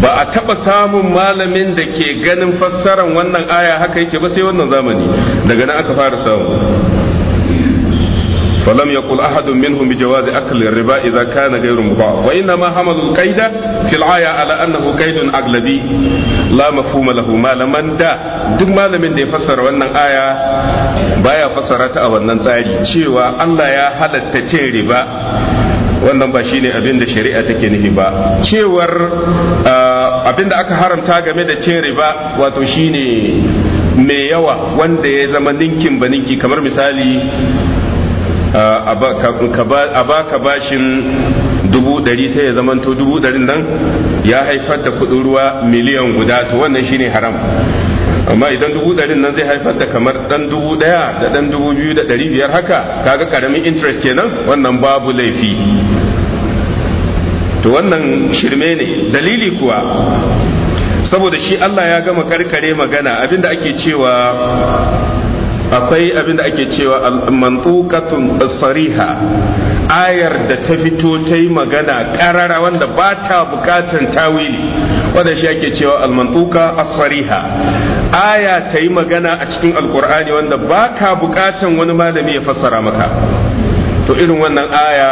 ba a taɓa samun malamin da ke ganin fassaran wannan aya haka yake ba sai wannan zamani daga nan aka fara samu فلم يقل أحد منهم بجواز أكل الربا إذا كان غير مباح وإنما حمل القيد في الآية على أنه قيد أغلبي لا مفهوم له ما لمن دا دم ما da ya fassara wannan aya baya fassara ta a wannan tsari cewa Allah ya halatta cin wannan ba shine abin da shari'a take nufi ba cewar abin da aka haramta game da cin riba wato shine mai yawa wanda ya zama ninkin ba ninki kamar misali a ba baka bashin dubu ɗari sai ya zamanto dubu dari nan ya haifar da kuɗin ruwa miliyan guda to wannan shine haram amma idan dubu ɗarin nan zai haifar da kamar ɗan dubu ɗaya da ɗan dubu biyu da ɗari biyar haka kaga karamin interest kenan wannan babu laifi to wannan shirme ne dalili kuwa saboda shi Allah ya gama karkare magana abinda ake cewa akwai abin da ake cewa mantukatun sariha ayar da ta fito ta yi magana karara wanda ba ta bukatan tawili wanda shi ake cewa almantuka as-sariha aya ta yi magana a cikin alkur'ani wanda ba ka bukatan wani malami ya fassara maka to irin wannan aya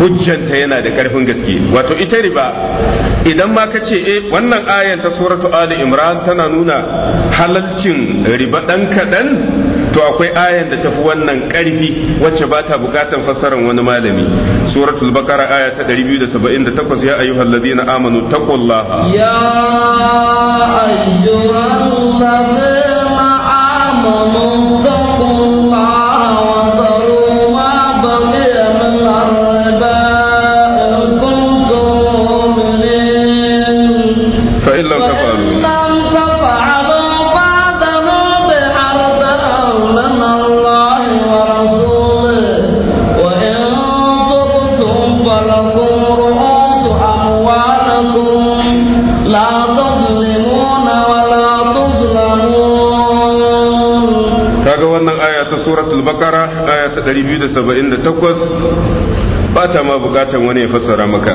hujjanta yana da karfin gaske wato ita riba idan ma kace eh wannan ayan ta suratu ali imran tana nuna halalcin riba dan kadan to akwai ayan da tafi wannan karfi wacce ba ta bukatan fassarar wani malami suratul baqara aya ta 278 ya ayyuhal ladina amanu taqullaha ya ayyuhal ladina amanu taqullaha ta 278 ba ta ma bukatan wani ya fassara maka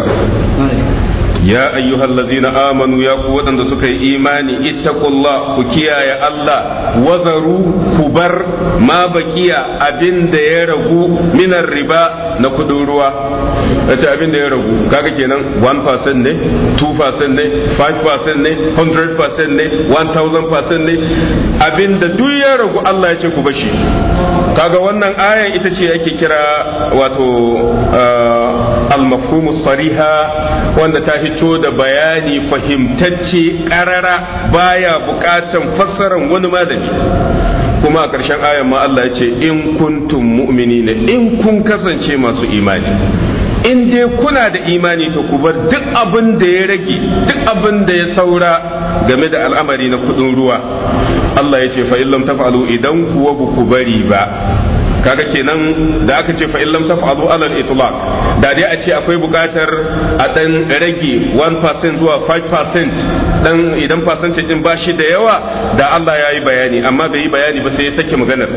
ya ayyuhal lazina amanu ya ku waɗanda suka yi imani ittaqullah ku kiyaye Allah wazaru ku bar ma bakiya abin da ya ragu minar riba na kudin ruwa yace abin da ya ragu kaga kenan 1% ne 2% ne 5% ne 100% ne 1000% ne abin da duk ya ragu Allah ya ce ku bashi kaga wannan ayan ita ce ake kira wato uh, al-mafhumu sariha wanda ta hito da bayani fahimtacce karara baya buƙatan, fassaran wani madani kuma a ƙarshen ayan ma Allah ya ce in kuntum mu'minina in kun kasance masu imani in dai kuna da imani to ku bar duk abin da ya rage duk abin da ya saura game da al'amari na kudin ruwa Allah ya ce fa illam taf'alu idan kuwa buku bari ba kaga kenan da aka ce fa illam taf'alu alal itlaq da dai a ce akwai buƙatar a dan rage 1% zuwa 5% dan idan percentage din bashi da yawa da Allah ya yi bayani amma bai yi bayani ba sai ya sake maganar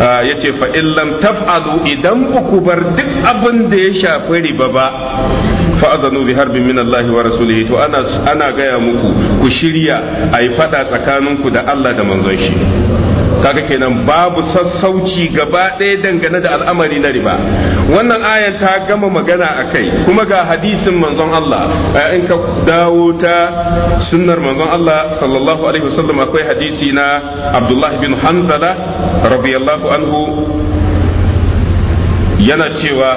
ah, ya ce fa illam taf'alu idan ku bar duk abin da ya shafi riba ba fa'azanu bi harbin min Allah wa rasulihi to ana gaya muku ku shirya a yi fada tsakaninku da Allah da manzon shi kaga kenan babu sassauci gaba ɗaya dangane da al'amari na riba wannan ayan ta gama magana a kai kuma ga hadisin manzon Allah in ka dawo ta sunnar manzon Allah sallallahu alaihi wasallam akwai hadisi na Abdullah bin Hanzala radiyallahu anhu yana cewa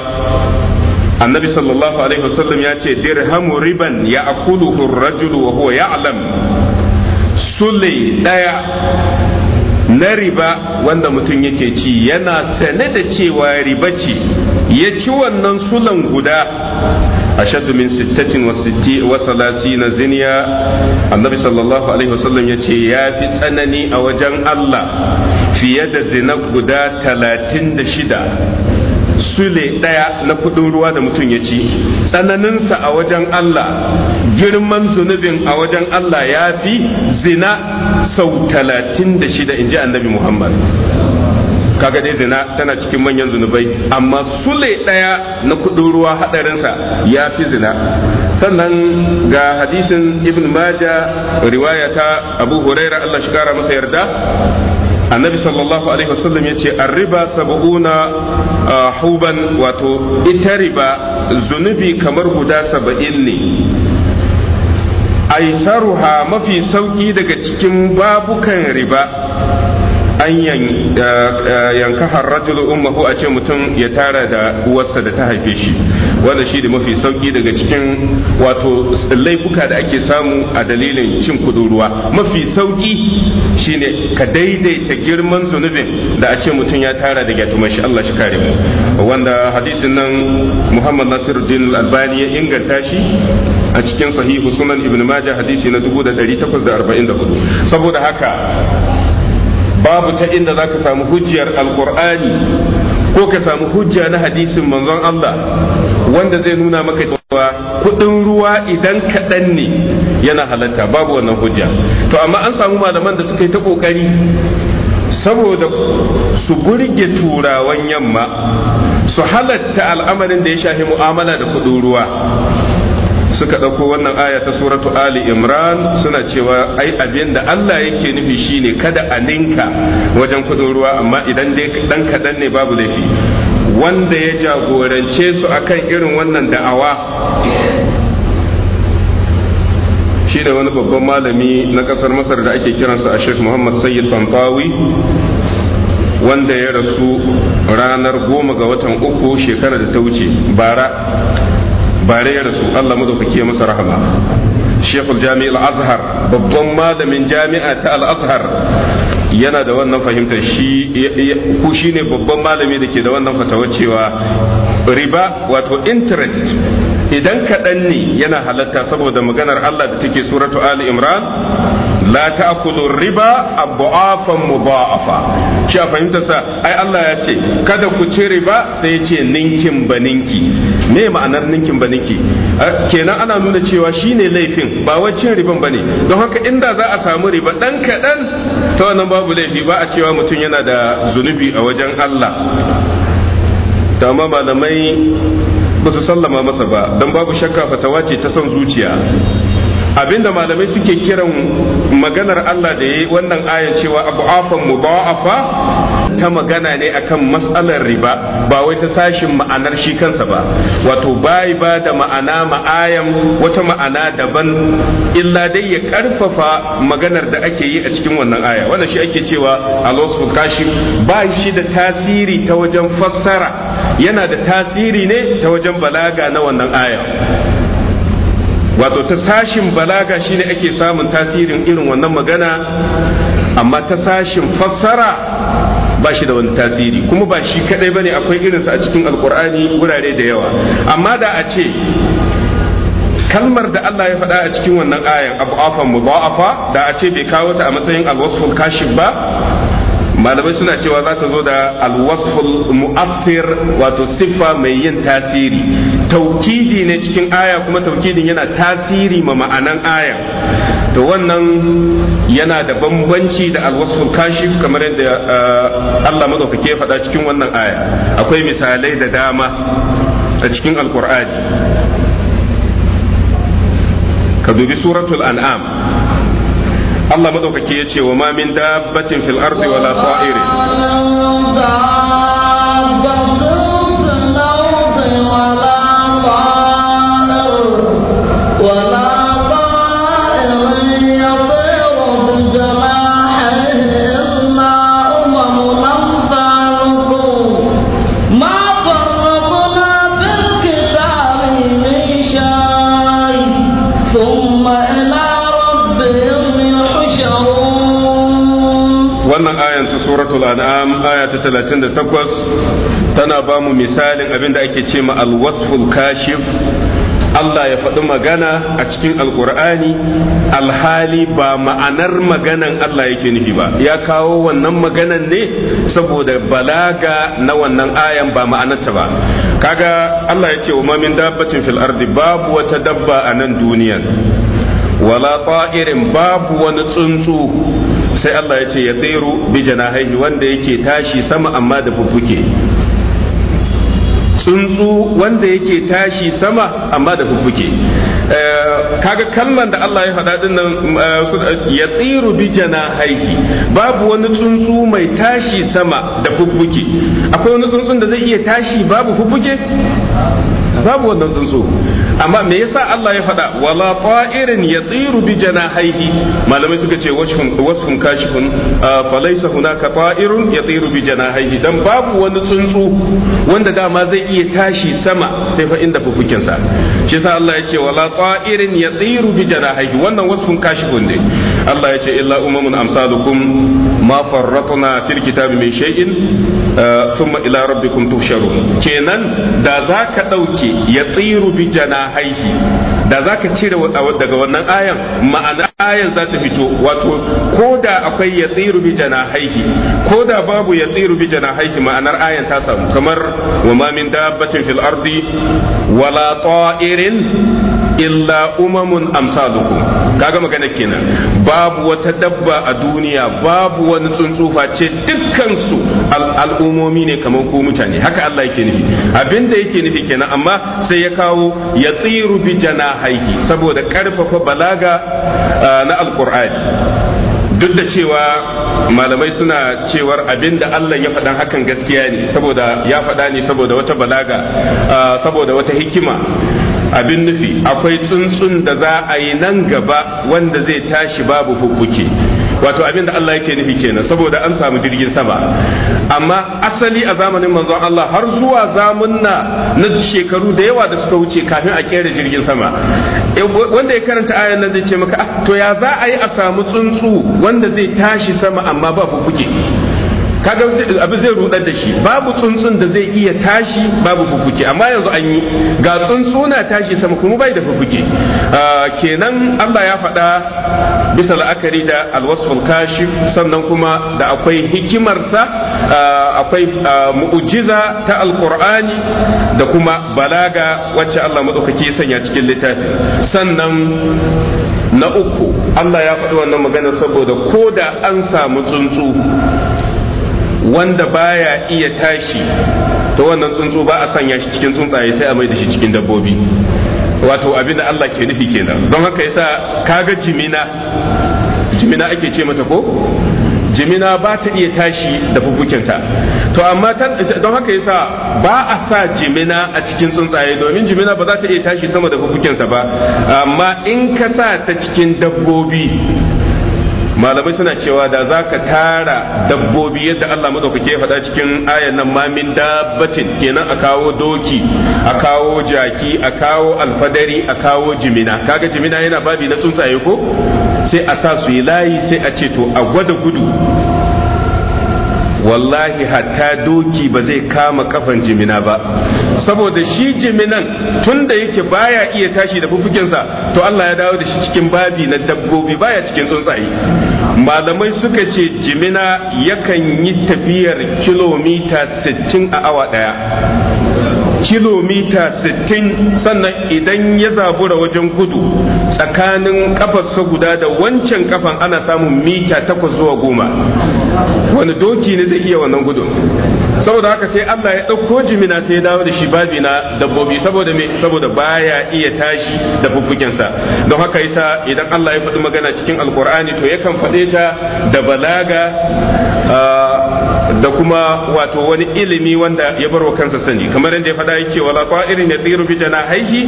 annabi sallallahu alaihi wasallam ya ce dirhamu riban ya akuluhu rajulu wa huwa ya'lam sule daya na riba wanda mutum yake ci yana sane da cewa riba ce ya ci wannan sulan guda ashaddu yace ya fi tsanani a wajen Allah fiye da zina guda talatin da shida sule ɗaya na kuɗin ruwa da mutum ya ci tsananinsa a wajen Allah girman zunubin a wajen Allah ya fi zina sau talatin da shida in ji annabi Muhammad kaga dai zina tana cikin manyan zunubai amma sule ɗaya na kuɗin ruwa haɗarinsa ya fi zina sannan ga hadisin ibn maja riwaya ta abu huraira Allah shi kara masa yarda annabi sallallahu alaihi wasallam ya ce riba saba'una ah, huban wato ita riba zunubi kamar guda saba'in ne aisaruha mafi sauƙi daga cikin babukan riba an yanka harrajul ummahu a ce mutum ya tara da uwarsa da ta haife shi wanda shi da mafi sauki daga cikin wato laifuka da ake samu a dalilin cin kuduruwa mafi sauki shine ka daidaita girman zunubin da a ce mutum ya tara da gyatumar mashi Allah shi kare mu wanda hadisin nan Muhammad Nasiruddin Al-Albani ya inganta shi a cikin sahihu sunan Ibn Majah hadisi na 1844 saboda haka babu ta inda za ka samu hujjar alkur'ani ko ka samu hujja na hadisin manzon Allah wanda zai nuna maka cewa kudin ruwa idan kaɗan ne yana halatta babu wannan hujja to amma an samu malaman da suka yi ta ƙoƙari saboda su burge turawan yamma su halatta al'amarin da ya shafi mu'amala da kudin ruwa suka ɗauko wannan aya ta suratu ali imran suna cewa ai abin da Allah yake nufi shine kada a ninka wajen kudin ruwa amma idan dai dan kaɗan ne babu laifi wanda ya jagorance su akan irin wannan da'awa shi da wani babban malami na kasar masar da ake kiransa a sheikh muhammad sayyid fanfawi wanda ya rasu ranar goma ga watan uku shekarar da ta wuce bara bare ya rasu Allah madaukaki masa rahama Sheikhul Jami'ul Azhar babban malamin jami'a ta Al-Azhar yana da wannan fahimtar shi ku shine babban malami da ke da wannan fatawa cewa riba wato interest idan kaɗan ne yana halatta saboda maganar Allah da take suratu Ali Imran la ta'kulu riba abu'afan mudha'afa shi a fahimta sa ai Allah ya ce kada ku ci riba sai ya ce ninkin baninki me ma'anar ninkin baninki kenan ana nuna cewa shine laifin ba wancin riban bane don haka inda za a samu riba dan kadan ta wannan babu laifi ba a cewa mutum yana da zunubi a wajen Allah da malamai ba su sallama masa ba don babu shakka fatawa ce ta son zuciya abinda malamai suke kiran maganar Allah da yayi wannan ayan cewa mu mudha'afa ta magana ne akan matsalar riba ba wai ta sashin ma'anar shi kansa ba wato bai ba da ma'ana ma'ayan wata ma'ana daban illa dai ya karfafa maganar da ake yi a cikin wannan aya wannan shi ake cewa alosu kashi ba shi da tasiri ta wajen fassara yana da tasiri ne ta wajen balaga na wannan aya wato ta sashin balaga shine ake samun tasirin irin wannan magana amma ta sashin fassara ba shi da wani tasiri kuma ba shi kadai bane akwai irinsa a cikin alkur'ani wurare da yawa amma da a ce kalmar da Allah ya faɗa a cikin wannan ayan abu afan mudha'afa da a ce bai kawo ta a matsayin alwasful kashif ba malamai suna cewa za ta zo da alwasful mu'assir wato siffa mai yin tasiri taukidi ne cikin aya kuma taukidin yana tasiri ma ma'anan aya to wannan yana da bambanci da alwasful kashif kamar yadda uh, Allah madaukake faɗa cikin wannan aya akwai misalai da dama a cikin alkur'ani ka dubi suratul an'am Allah madaukaki ya ce wa ma min dabbatin fil ardi wala ta'irin ولا suratul an'am aya ta 38 tana ba mu misalin abin da ake ce ma wasful kashif Allah ya faɗi magana a cikin alkur'ani alhali ba ma'anar maganan Allah yake nufi ba ya kawo wannan maganan ne saboda balaga na wannan ayan ba ta ba kaga Allah ya ce wa mamin dabbatin fil ardi babu wata dabba a nan duniya wala ta'irin babu wani tsuntsu sai Allah ya ce ya tsero bi janahaihi wanda yake tashi sama amma da fuffuke tsuntsu wanda yake tashi sama amma da fuffuke eh, kaga kalman da Allah ya faɗa din nan eh, eh, ya tsiru bi janahaihi babu wani tsuntsu mai tashi sama da fuffuke akwai wani tsuntsun da zai iya tashi babu fuffuke babu wannan tsuntsu amma me yasa Allah ya faɗa wala ya tsiru bi janahihi malamai suka ce wasfun kashifun falaysa hunaka ya tsiru bi janahihi dan babu wani tsuntsu wanda dama zai iya tashi sama sai fa inda fufukin sa shi yasa Allah ya ce wala ya tsiru bi janahihi wannan wasfun kashifun ne Allah ya ce illa umamun amsalukum ma farratna fil kitabi min shay'in thumma ila rabbikum tuhsharun kenan da zaka ɗauke. ya tsiru bi janahaihi da zaka cire daga wannan ayan ma'ana ayan za ta fito wato ko da akwai ya tsiru bi janahaihi ko babu ya tsiru bi janahaihi ma'anar ayan ta samu kamar wa ma min dabbatin fil ardi wala ta'irin illa umamun amsalukum kaga magana kenan babu wata dabba a duniya babu wani tsuntsu face dukkan su al'umomi ne kamar ko mutane haka Allah yake nufi abinda yake nufi kenan amma sai ya kawo ya tsiru bi janahaihi saboda karfafa balaga ah, na alqur'ani duk da cewa malamai suna cewar abinda Allah ya faɗan hakan gaskiya ne saboda ya faɗa ne saboda wata balaga saboda wata hikima abin nufi akwai tsuntsun da za a yi nan gaba wanda zai tashi babu hukuki. wato abin da Allah yake nufi kenan saboda an samu jirgin sama amma asali a zamanin manzon Allah har zuwa zamunna na shekaru da yawa da suka wuce kafin a kera jirgin sama eh, wanda ya karanta ayan nan zai ce maka ah, to ya za a yi a samu tsuntsu wanda zai tashi sama amma ba fufuke kaga abu zai rudar da shi babu tsuntsun da zai iya tashi babu fufuke amma yanzu an yi ga tsuntsu na tashi sama kuma bai da fufuke ah, kenan Allah ya faɗa bisa la'akari da alwasful kashif sannan kuma da akwai hikimarsa ah, akwai ah, mu'ujiza ta alqur'ani da kuma balaga wacce Allah madaukake ya sanya cikin littafi sannan na uku Allah ya faɗi wannan magana saboda ko da an samu tsuntsu wanda baya iya tashi to wannan tsuntsu ba a sanya shi cikin tsuntsaye sai a mai da shi cikin dabbobi wato abin da Allah ke nufi kenan don haka yasa kaga jimina jimina ake ce mata ko jimina ba ta iya tashi da fufukinta to amma don haka yasa ba a sa jimina a cikin tsuntsaye domin jimina ba za ta iya tashi sama da fufukinta ba amma in ka sa ta cikin dabbobi malamai suna cewa da za ka tara dabbobi yadda Allah madaukake faɗa cikin ayan nan ma min dabbatin kenan a kawo doki a kawo jaki a kawo alfadari a kawo jimina kaga jimina yana babi na tsuntsaye ko sai a sa su yi layi sai a ce to a gwada gudu wallahi hatta doki ba zai kama kafan jimina ba saboda shi jiminan tun da yake baya iya tashi da fufukinsa to Allah ya dawo da shi cikin babi na dabbobi baya cikin tsuntsaye malamai suka ce jimina yakan yi tafiyar kilomita 60 a awa daya kilomita 60 sannan idan ya zabura wajen gudu tsakanin kafarsa guda da wancan kafan ana samun mita takwas zuwa goma wani doki ne zai iya wannan gudun saboda haka sai Allah ya ɗauko jimina sai ya dawo da shi babi na dabbobi saboda me saboda baya iya tashi da sa don haka yasa idan Allah ya faɗi magana cikin alkur'ani to yakan faɗe ta da balaga ah, da kuma wato wani ilimi wanda ya bar wa kansa sani kamar yadda ya faɗa yake wala qa'irin yatiru bi janahihi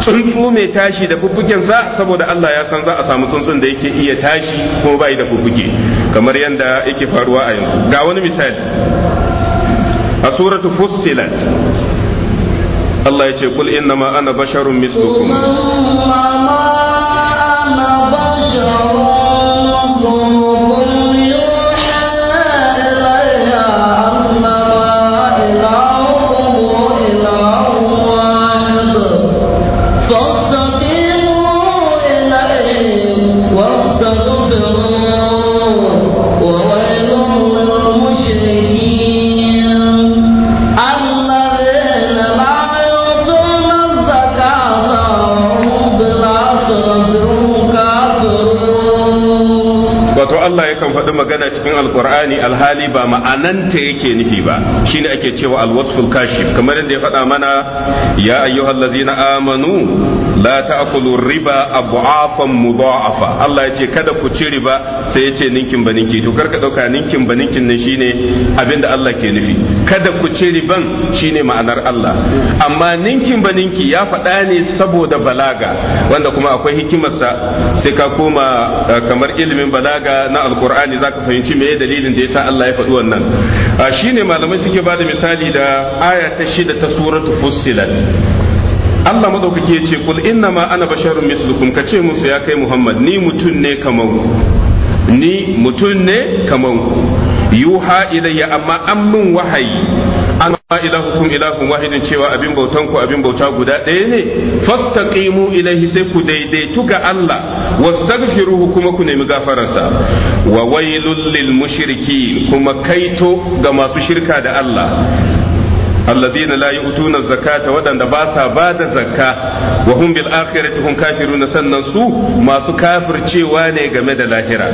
tsuntsu mai tashi da fuffuken sa saboda Allah ya san za a samu tsuntsun da yake iya tashi kuma bai da fuffuke kamar yadda yake faruwa a yanzu ga wani misali a suratu fussilat Allah ya ce kul innama ana basharun mislukum cikin alkur'ani alhali ba ma'ananta yake nufi ba shine ake cewa alwasful kashif kamar yadda ya faɗa mana ya ayyuhallazina amanu la ta'kulu riba abu'afan mudha'afa Allah ya ce kada ku ci riba sai ya ce ninkin ba ninki to karka dauka ninkin ba ninkin nan shine abin da Allah ke nufi kada ku ce riban shine ma'anar Allah amma ninkin ba ninki ya faɗa ne saboda balaga wanda kuma akwai hikimarsa sai ka koma eh, kamar ilimin balaga na alkur'ani zaka fahimci me dalilin da yasa Allah ya faɗi wannan ah, shine malamai suke bada misali da aya ta shida ta suratu fussilat Allah madaukaki ya ce kul inna ma ana basharun mislukum kace musu ya kai Muhammad ni mutum ne kamar ni mutum ne kamar ku yuha ilayya amma an min wahayi an ma ilahukum ilahun wahidin cewa abin bautan ku abin bauta guda ɗaya ne fastaqimu ilayhi sai ku daidaitu ga Allah wastaghfiruhu kuma ku nemi gafararsa wa wailul lil mushrikin kuma kaito ga masu shirka da Allah alladhina la yu'tuna zakata waɗanda ba sa ba da zakka wa hum bil akhirati hum kafiruna sannan su masu kafircewa ne game da lahira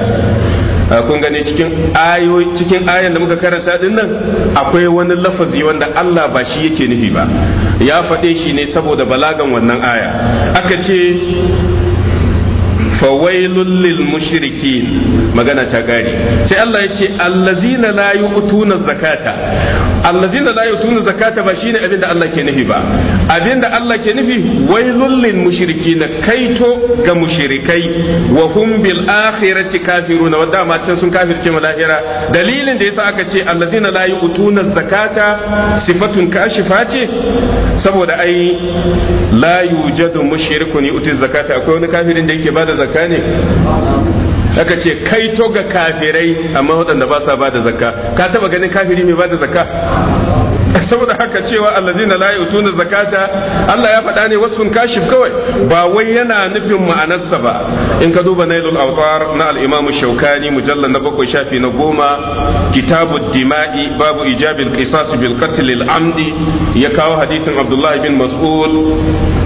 ah, kun gani cikin ayoyi cikin ayan da muka karanta dinnan akwai wani lafazi wanda Allah ba shi yake nufi ba ya faɗe shi ne saboda balagan wannan aya aka ce fawailul lil mushrikin magana ta gari sai Allah ya ce allazina la yu'tuna zakata allazina la yu'tuna zakata ba shine abin da Allah ke nufi ba abin da Allah ke nufi wailul lil mushrikin kaito ga mushrikai wa hum bil akhirati kafiruna wadda ma can sun kafirce mu lahira dalilin da yasa aka ce allazina la yu'tuna zakata sifatun kashifa ce saboda ai la yujadu mushrikun yu'ti zakata akwai wani kafirin da yake bada zakata zakka ne aka ce kai to ga kafirai amma waɗanda ba sa ba da zakka ka taba ganin kafiri mai ba da zakka saboda haka cewa allazina la yutuna zakata Allah ya faɗa ne wasun kashif kawai ba wai yana nufin ma'anarsa ba in ka duba nailul awtar na al-imam shaukani mujallal na bakwai shafi na goma kitabu dima'i babu ijabil qisas bil qatl al amdi ya kawo hadisin abdullahi bin mas'ud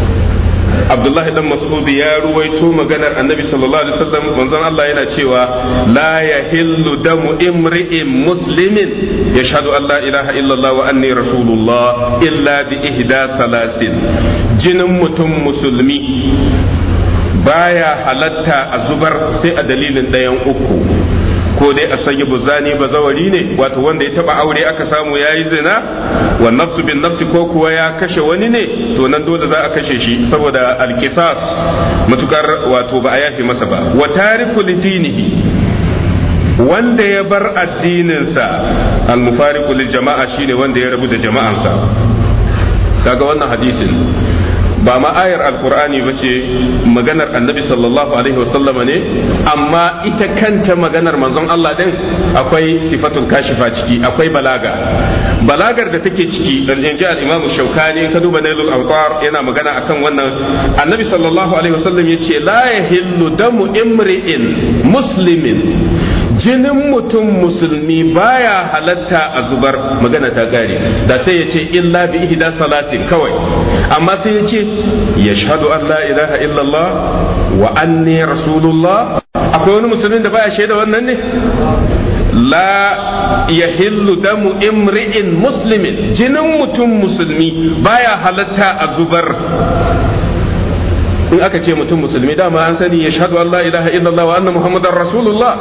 abdullahi dan mas'ud ya ruwaito maganar annabi sallallahu alaihi wasallam manzon Allah yana cewa la yahillu damu imri'in muslimin yashhadu an la ilaha illallah wa anni rasulullah illa bi ihda salasin jinin mutum musulmi baya halatta a zubar sai a dalilin ɗayan uku ko dai a sanya buzani zawari ne wato wanda ya taba aure aka samu ya yi zina wa nafsu bin nafsi ko kuwa ya kashe wani ne to nan dole za a kashe shi saboda alkisas matukar wato ba a yafe masa ba wa tariku litinihi wanda ya bar addininsa almufariqu lil jama'a shine wanda ya rabu da jama'ansa kaga wannan hadisin ba ma ayar alkur'ani ba ce maganar annabi sallallahu alaihi wasallama ne amma ita kanta maganar manzon Allah din akwai sifatul kashifa ciki akwai balaga balagar da take ciki dan inji al-imam shaukani ka duba nailul awtar yana magana akan wannan annabi sallallahu alaihi wasallam yace la yahillu damu imri'in muslimin jinin mutum musulmi baya halatta a zubar magana ta gare da sai ya ce illa bi ihda salatin kawai amma sai ya ce yashhadu an la ilaha illallah wa anni rasulullah akwai wani musulmin da baya shaida wannan ne hillu يحل دم امرئ Jinin mutum musulmi baya halatta a zubar. in aka ce mutum musulmi dama an sani ya shahadu Allah ilaha illallah wa anna muhammadar rasulullah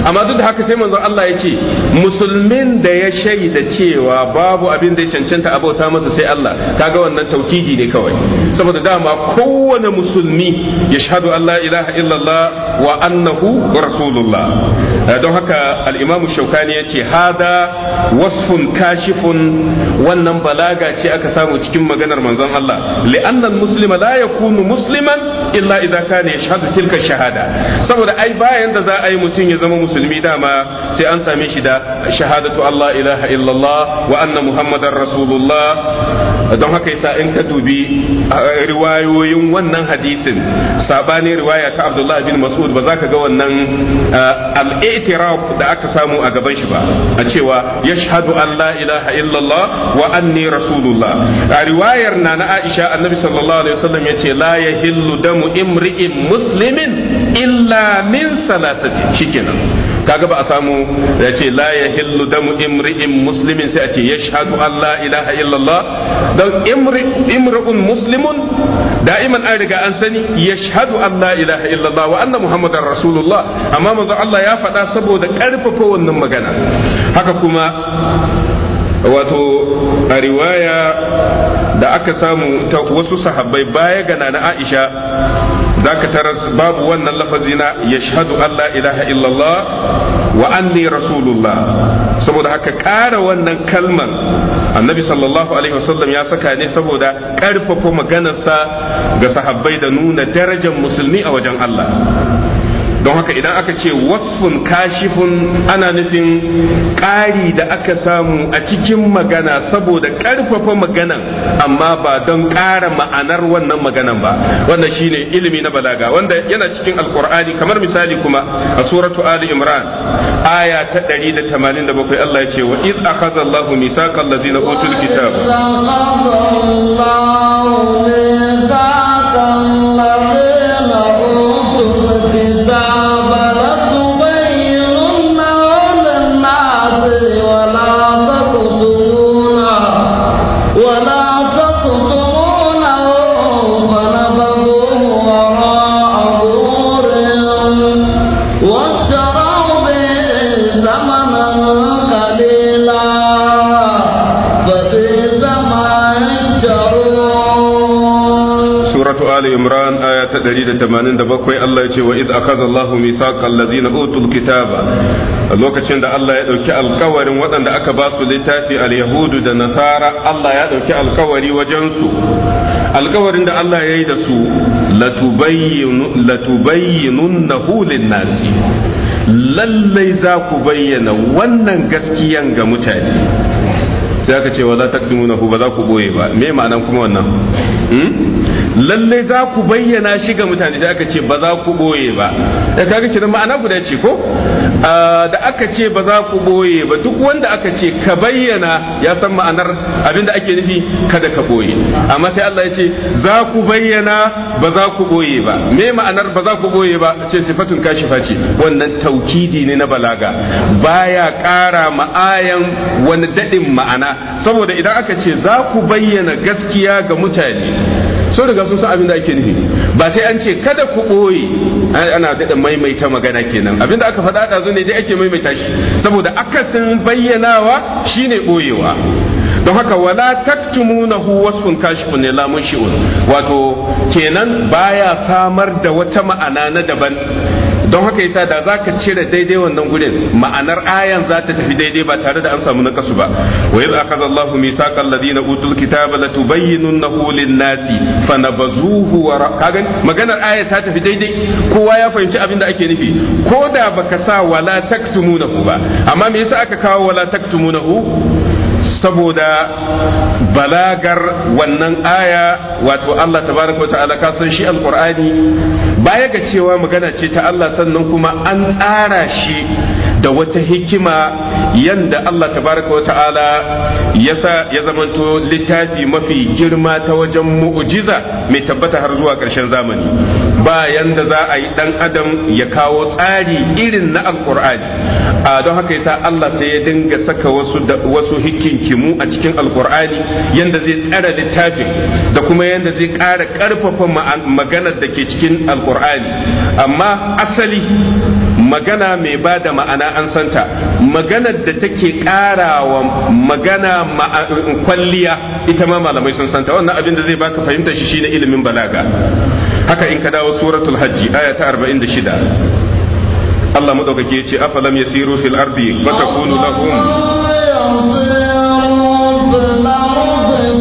amma duk da haka sai manzon Allah ya ce musulmin da ya shaida cewa babu abin da ya cancanta abota masa sai Allah kaga wannan taukidi ne kawai saboda dama kowane musulmi ya shahadu Allah ilaha illallah wa annahu rasulullah eh, don haka al-imam shaukani ya ce hada wasfun kashifun wannan balaga ce aka samu cikin maganar manzon Allah li'anna al-muslima la yakunu muslim musliman illa idan kana yashhadu tilka shahada saboda ai bayan da za a yi mutum ya zama musulmi dama sai an same shi da shahadatu Allah ilaha illallah wa anna muhammadar rasulullah don haka yasa in ka dubi riwayoyin wannan hadisin sabani riwaya ta Abdullah bin Mas'ud ba za ka ga wannan al-i'tiraf da aka samu a gaban shi ba a cewa yashhadu an la ilaha illallah wa anni rasulullah a riwayar na na Aisha annabi sallallahu alaihi wasallam yace la yahillu damu imri'in muslimin illa min salasati shikenan kaga ba a samu da ce la yahillu damu imri'in muslimin sai a ce yashhadu an la ilaha illallah dan imri'un muslimun da'iman an riga an sani yashhadu an la ilaha illallah wa anna muhammadar rasulullah amma manzo Allah ya faɗa saboda ƙarfafa wannan magana haka kuma wato a riwaya da aka samu ta wasu sahabbai baya ga na Aisha ka taras babu wannan lafazi na shahadu Allah ilaha illallah wa anni rasulullah saboda haka ƙara wannan kalman annabi sallallahu alaihi wasallam ya saka ne saboda ƙarfafa maganarsa ga sahabbai da nuna darajar musulmi a wajen Allah don haka idan aka ce wasfun kashifun ana nufin ƙari da aka samu a cikin magana saboda ƙarfafa maganan amma ba don ƙara ma'anar wannan maganan ba wannan shine ilimi na balaga wanda yana cikin alkur'ani kamar misali kuma a suratu ali imran aya ta 187 Allah ya ce wa iz akhadha Allahu mithaqal ladina utul ce wa iz akhadha Allahu mithaqa utul kitaba lokacin da Allah ya dauki alkawarin waɗanda aka ba su littafi al-yahudu da nasara Allah ya dauki alkawari wajen su alkawarin da Allah ya yi da su latubayyinunnahu lin-nasi lallai za ku bayyana wannan gaskiyan ga mutane sai aka ce wa la taqdimunahu ba za ku ba me ma'anan kuma wannan hmm? lalle za ku bayyana shi ga mutane da aka ce ba za ku ba da eh, kaga kiran ma'ana guda ce ko ah, da aka ce ba za ku boye ba duk wanda aka ce ka bayyana ya san ma'anar abinda ake nufi kada ka boye amma sai Allah ya ce za ku bayyana ba za ku ba me ma'anar ba za ku boye ba ce sifatun kashifa ce wannan taukidi ne na balaga baya ƙara ma'ayan wani daɗin ma'ana saboda idan aka ce za ku bayyana gaskiya ga mutane sun riga sun san abin da ake nufi ba sai an ce kada ku ɓoye ana daɗa maimaita magana kenan abin da aka faɗa zo ne dai ake maimaita shi saboda akasin bayyanawa shine ɓoyewa don haka wala taktumunahu wasfun kashifun ne lamun shi'un wato kenan baya samar da wata ma'ana na daban don haka yasa da zaka cire daidai wannan gurin ma'anar ayan za ta tafi daidai ba tare da an samu nakasu ba wa yadda akhadha Allahu misaqal ladina utul kitaba latubayyinunnahu lin-nasi fanabazuhu wa kagan maganar aya ta tafi daidai kowa ya fahimci abin da ake nufi ko da baka sa wala ku ba amma me yasa aka kawo wala ku? saboda balagar wannan aya wato Allah tabaraka wa ta'ala ka san shi alqur'ani baya ga cewa magana ce ta Allah sannan kuma an tsara shi da wata hikima yanda Allah tabaraka ta'ala yasa ya zamanto littafi mafi girma ta wajen mu'jiza mai tabbata har zuwa ƙarshen zamani ba yanda za a yi dan adam ya kawo tsari irin na alqur'ani don haka yasa Allah sai ya dinga saka wasu wasu hikinki hikimu a cikin alkur'ani yanda zai tsara littafin da kuma yanda zai ƙara ƙarfafa maganar da ke cikin alkur'ani amma asali magana mai ba da ma'ana an santa maganar da take ƙarawa magana kwalliya ita ma malamai sun santa wannan abin da zai baka fahimta shi shine ilimin balaga haka in ka dawo suratul hajji aya ta 46 Allah madaukake ya ce afalam yasiru fil ardi fatakunu lahum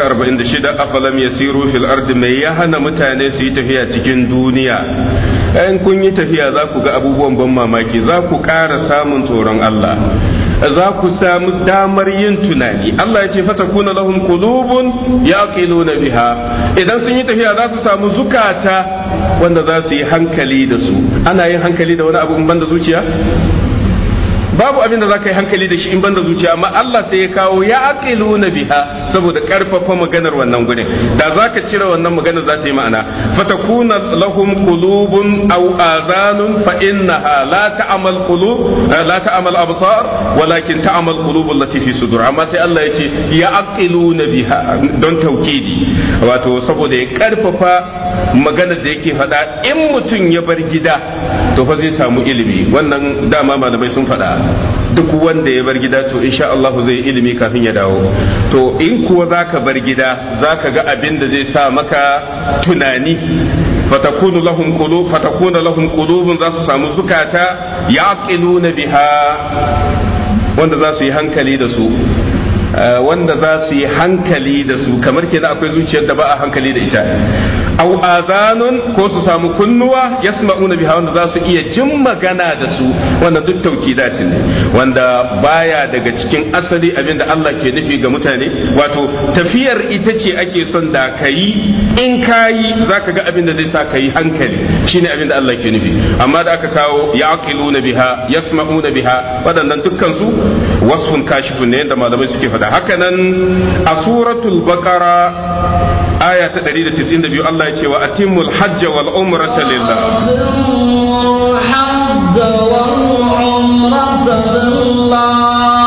ta 46 afalam yasiru fil ardi mai ya hana mutane su yi tafiya cikin duniya in kun yi tafiya za ku ga abubuwan ban mamaki za ku ƙara samun tsoron Allah za ku samu damar yin tunani Allah ya ce fata kuna lahum qulubun nuna biha idan sun yi tafiya za su samu zukata wanda za su yi hankali da su ana yin hankali da wani abu ban da zuciya babu abin da za ka yi hankali da shi in banda zuciya amma Allah sai ya kawo ya aqiluna biha saboda karfafa maganar wannan gurin da za ka cire wannan maganar za ta yi ma'ana fatakuna lahum qulubun aw azanun fa innaha la ta'mal qulub eh, la ta'mal absar walakin ta'mal qulubul lati fi sudur amma sai Allah ya ce ya aqiluna biha don taukidi wato saboda ya karfafa maganar da yake faɗa in mutum ya bar gida to fa zai samu ilimi wannan dama malamai sun faɗa duk wanda ya bar gida to insha Allah zai yi ilimi kafin ya dawo to in kuwa zaka bar gida zaka ga abin da zai sa maka tunani fatakunu lahum qulub fatakuna lahum qulubun za su samu zukata yaqiluna biha wanda za su yi hankali da su Eh, wanda za su yi hankali da su kamar kenan akwai zuciyar da ba a hankali da ita au azanun ko su samu kunnuwa yasma'una biha wanda za su iya jin magana da su wanda duk taukidatin ne wanda baya daga cikin asali abinda Allah ke nufi ga mutane wato tafiyar ita ce ake son da kayi in kayi zaka ga abin da zai sa kayi hankali shine da Allah ke nufi amma da aka kawo yaqiluna biha yasma'una biha waɗannan dukkan su wasfun kashifun ne da malamai suke faɗa da haka nan a suratul baqara aya ta 192 Allah ya ce wa atimul hajj wal umrata lillah hajja wal umrata lillah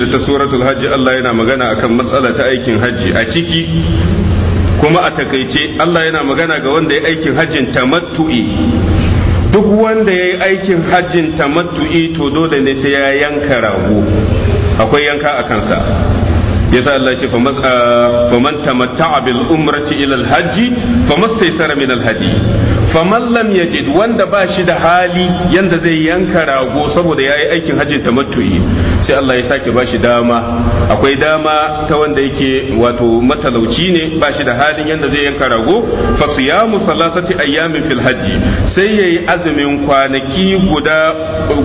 da ta suratul hajji Allah yana magana akan matsala ta aikin hajji a ciki kuma a takaice Allah yana magana ga wanda ya aikin hajjin tamattu'i duk wanda ya yi aikin hajjin tamattu'i to dole ne sai ya yanka rago akwai yanka a kansa yasa Allah ce ah, faman tamatta'a bil umrati ila al hajji famastaysara min al hadi faman lam yajid wanda ba shi da hali yanda zai yanka rago saboda yayi aikin hajjin tamattu'i sai Allah ya sake ba shi dama akwai dama ta wanda yake wato matalauci ne ba shi da halin yanda zai yanka rago fa siyamu salasati ayyamin fil hajji sai yayi azumin kwanaki guda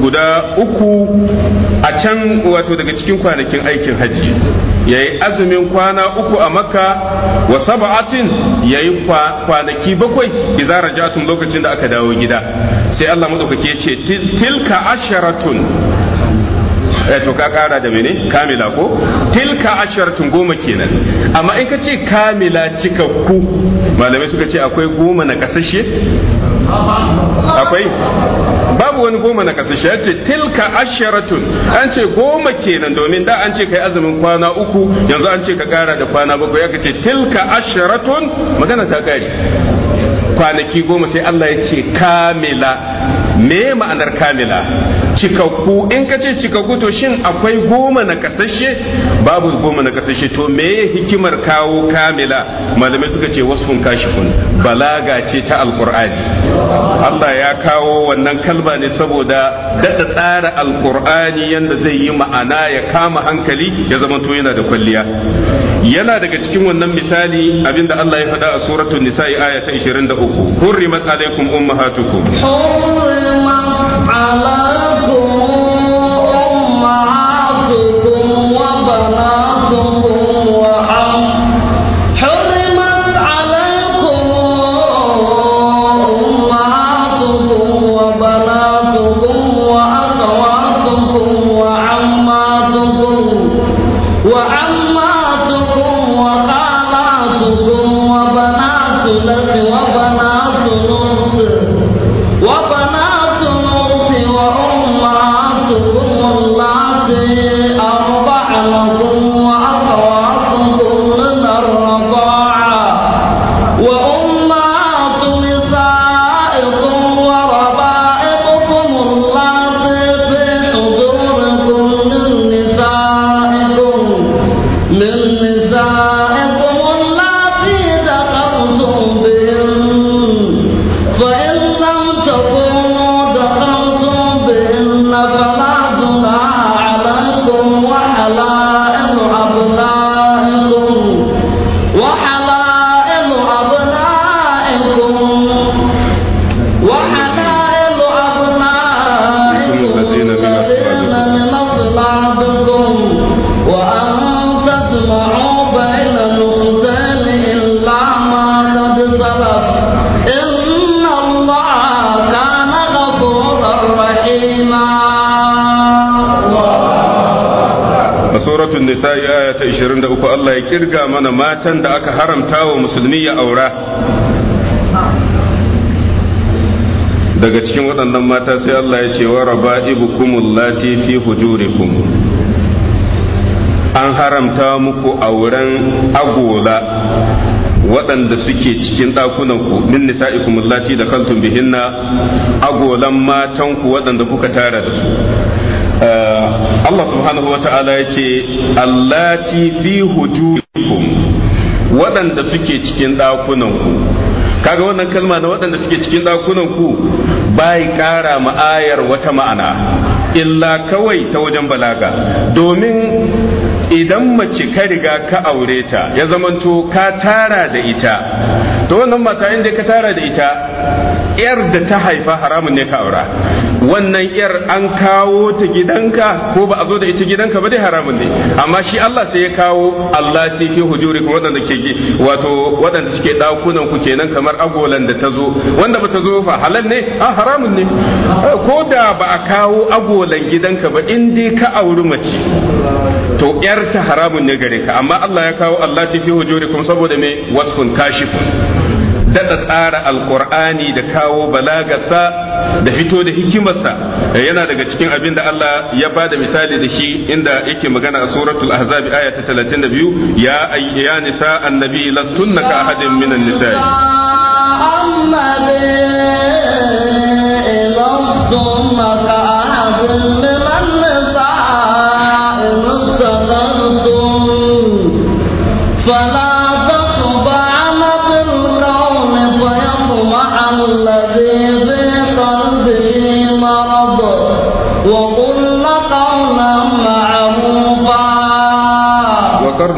guda uku a can wato daga cikin kwanakin aikin hajji ya yi azumin kwana uku a makka wa saba'atin ya yi kwanaki bakwai idan rajatun lokacin da aka dawo gida sai Allah maɗaukaki ya ce tilka asharatun eh, to ka kara da mene kamila ko tilka asharatun goma kenan amma in ka ce kamila cikakku malamai suka ce akwai goma na kasashe akwai babu wani goma na kasashe ya ce tilka asharatun an ce goma kenan domin da an ce kai azumin kwana uku yanzu an ce ka kara da kwana bakwai ya ce tilka asharatun magana ta kare kwanaki goma sai Allah ya ce kamila me ma'anar kamila cikakku in ka ce cikakku to shin akwai goma na kasashe babu goma na kasashe to meye hikimar kawo kamila malamai suka ce wasfun kashifun balaga ce ta alkur'ani Allah ya kawo wannan kalba ne saboda daɗa tsara alkur'ani yanda zai yi ma'ana ya kama hankali ya zama to yana da kwalliya yana daga cikin wannan misali abinda Allah ya faɗa a suratul nisa'i aya ta 23 hurrimat alaikum ummahatukum allah. أبناؤكم وأمهاتكم وبناتكم kirga mana matan da aka haramta wa musulmi ya aura daga cikin waɗannan mata sai Allah ya ce wa raba'ibukum allati fi hujurikum an haramta muku auren agola waɗanda suke cikin ɗakunanku min nisa'ikum allati da kaltum bihinna agolan matanku waɗanda kuka tara da su eh, Allah subhanahu wa ta'ala ya ce allati fi hujurikum waɗanda suke cikin ɗakunanku kaga wannan kalma na waɗanda suke cikin ɗakunanku bai ƙara ma'ayar wata ma'ana illa kawai ta wajen balaga domin idan mace ka riga ka aure ta ya zamanto ka tara da ita to wannan mata inda ka tara da ita yar da ta haifa haramun ne ka aura wannan yar an kawo ta gidanka ko ba a zo da ita gidanka ba dai haramun ne amma shi Allah sai ya kawo Allah sai fi hujuri kuma wadanda ke wato wadanda suke dakunan ku kenan kamar agolan da ta zo wanda ba ta zo fa halal ne a ah, haramun ne ko da ba a kawo agolan gidanka ba in dai ka auri mace to yar ta haramun ne gare ka amma Allah ya kawo Allah sai fi hujuri kuma saboda me wasfun kashifun daɗa tsara alkur'ani da kawo balagarsa da fito da hikimarsa yana daga cikin abin da Allah ya ba da misali da shi inda yake magana a suratul ahzabi aya ta 32 ya ya nisa annabi lastunna ka ahadin minan nisa'i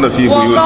لتبتغن في بيوتكم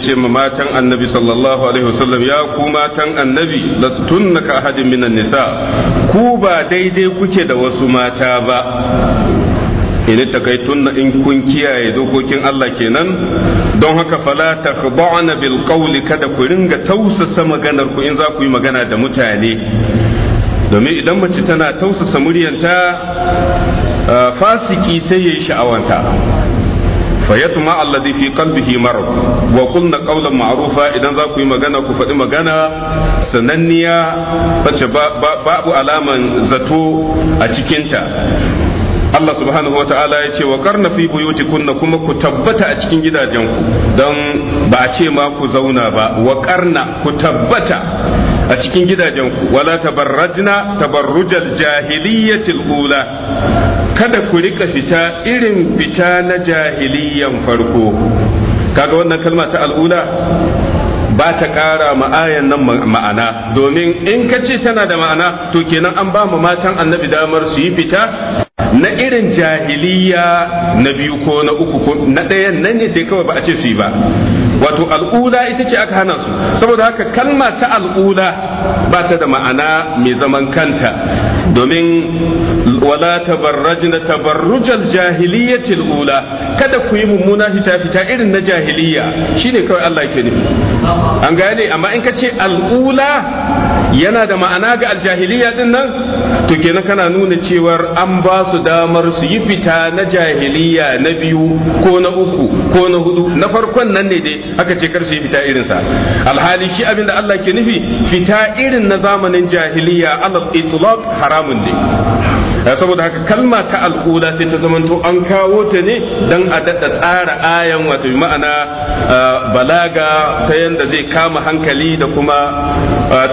ce ma matan annabi sallallahu alaihi wasallam ya ku matan annabi lastunna ka ahadin minan nisa ku ba daidai kuke da wasu mata ba in tunna in kun kiyaye dokokin Allah kenan don haka fala takhda'na bil qawli kada ku ringa tausasa maganar ku in za ku yi magana da mutane domin idan mace tana tausasa muryanta ah, fasiki sai yayi sha'awanta fayatma alladhi fi qalbihi marad wa qulna qawlan ma'rufa idan za ku yi magana ku faɗi magana sananniya bace babu alaman zato a cikinta Allah subhanahu wa ta'ala ya ce wa karna fi kunna kuma ku tabbata a cikin gidajenku don ba a ce ma ku zauna ba wa karna ku tabbata a cikin gidajen ku wala tabarrajna tabarrujal jahiliyyatil ula kada ku rika fita irin fita na jahiliyan farko kaga wannan kalma ta al'ula ba ta ƙara ma'ayan nan ma'ana domin in ka ce tana da ma'ana to kenan an ba mu matan annabi damar su yi fita na irin jahiliya na biyu ko na uku ko na ɗaya nan ne sai kawai ba a ce su yi ba wato al'ula ita ce aka hana su saboda haka kalma ta al'ula ba ta da ma'ana mai zaman kanta domin wala tabarrajna tabarrujal jahiliyyati al'ula kada ku yi mummuna fita fita irin na jahiliya shine kawai Allah ke nufi an gane amma in ka ce al'ula yana da ma'ana ga aljahiliya din nan to kenan kana nuna cewar an ba su damar su yi fita na jahiliya na biyu ko na uku ko na hudu na farkon nan ne dai aka ce kar su yi fita irinsa alhali shi abinda Allah ke nufi fita irin na zamanin jahiliya Allah itlaq haramun ne saboda haka kalma ta al'ula sai ta zamanto an kawo ta ne don a daɗa tsara ayan wato ma'ana balaga ta yadda zai kama hankali da kuma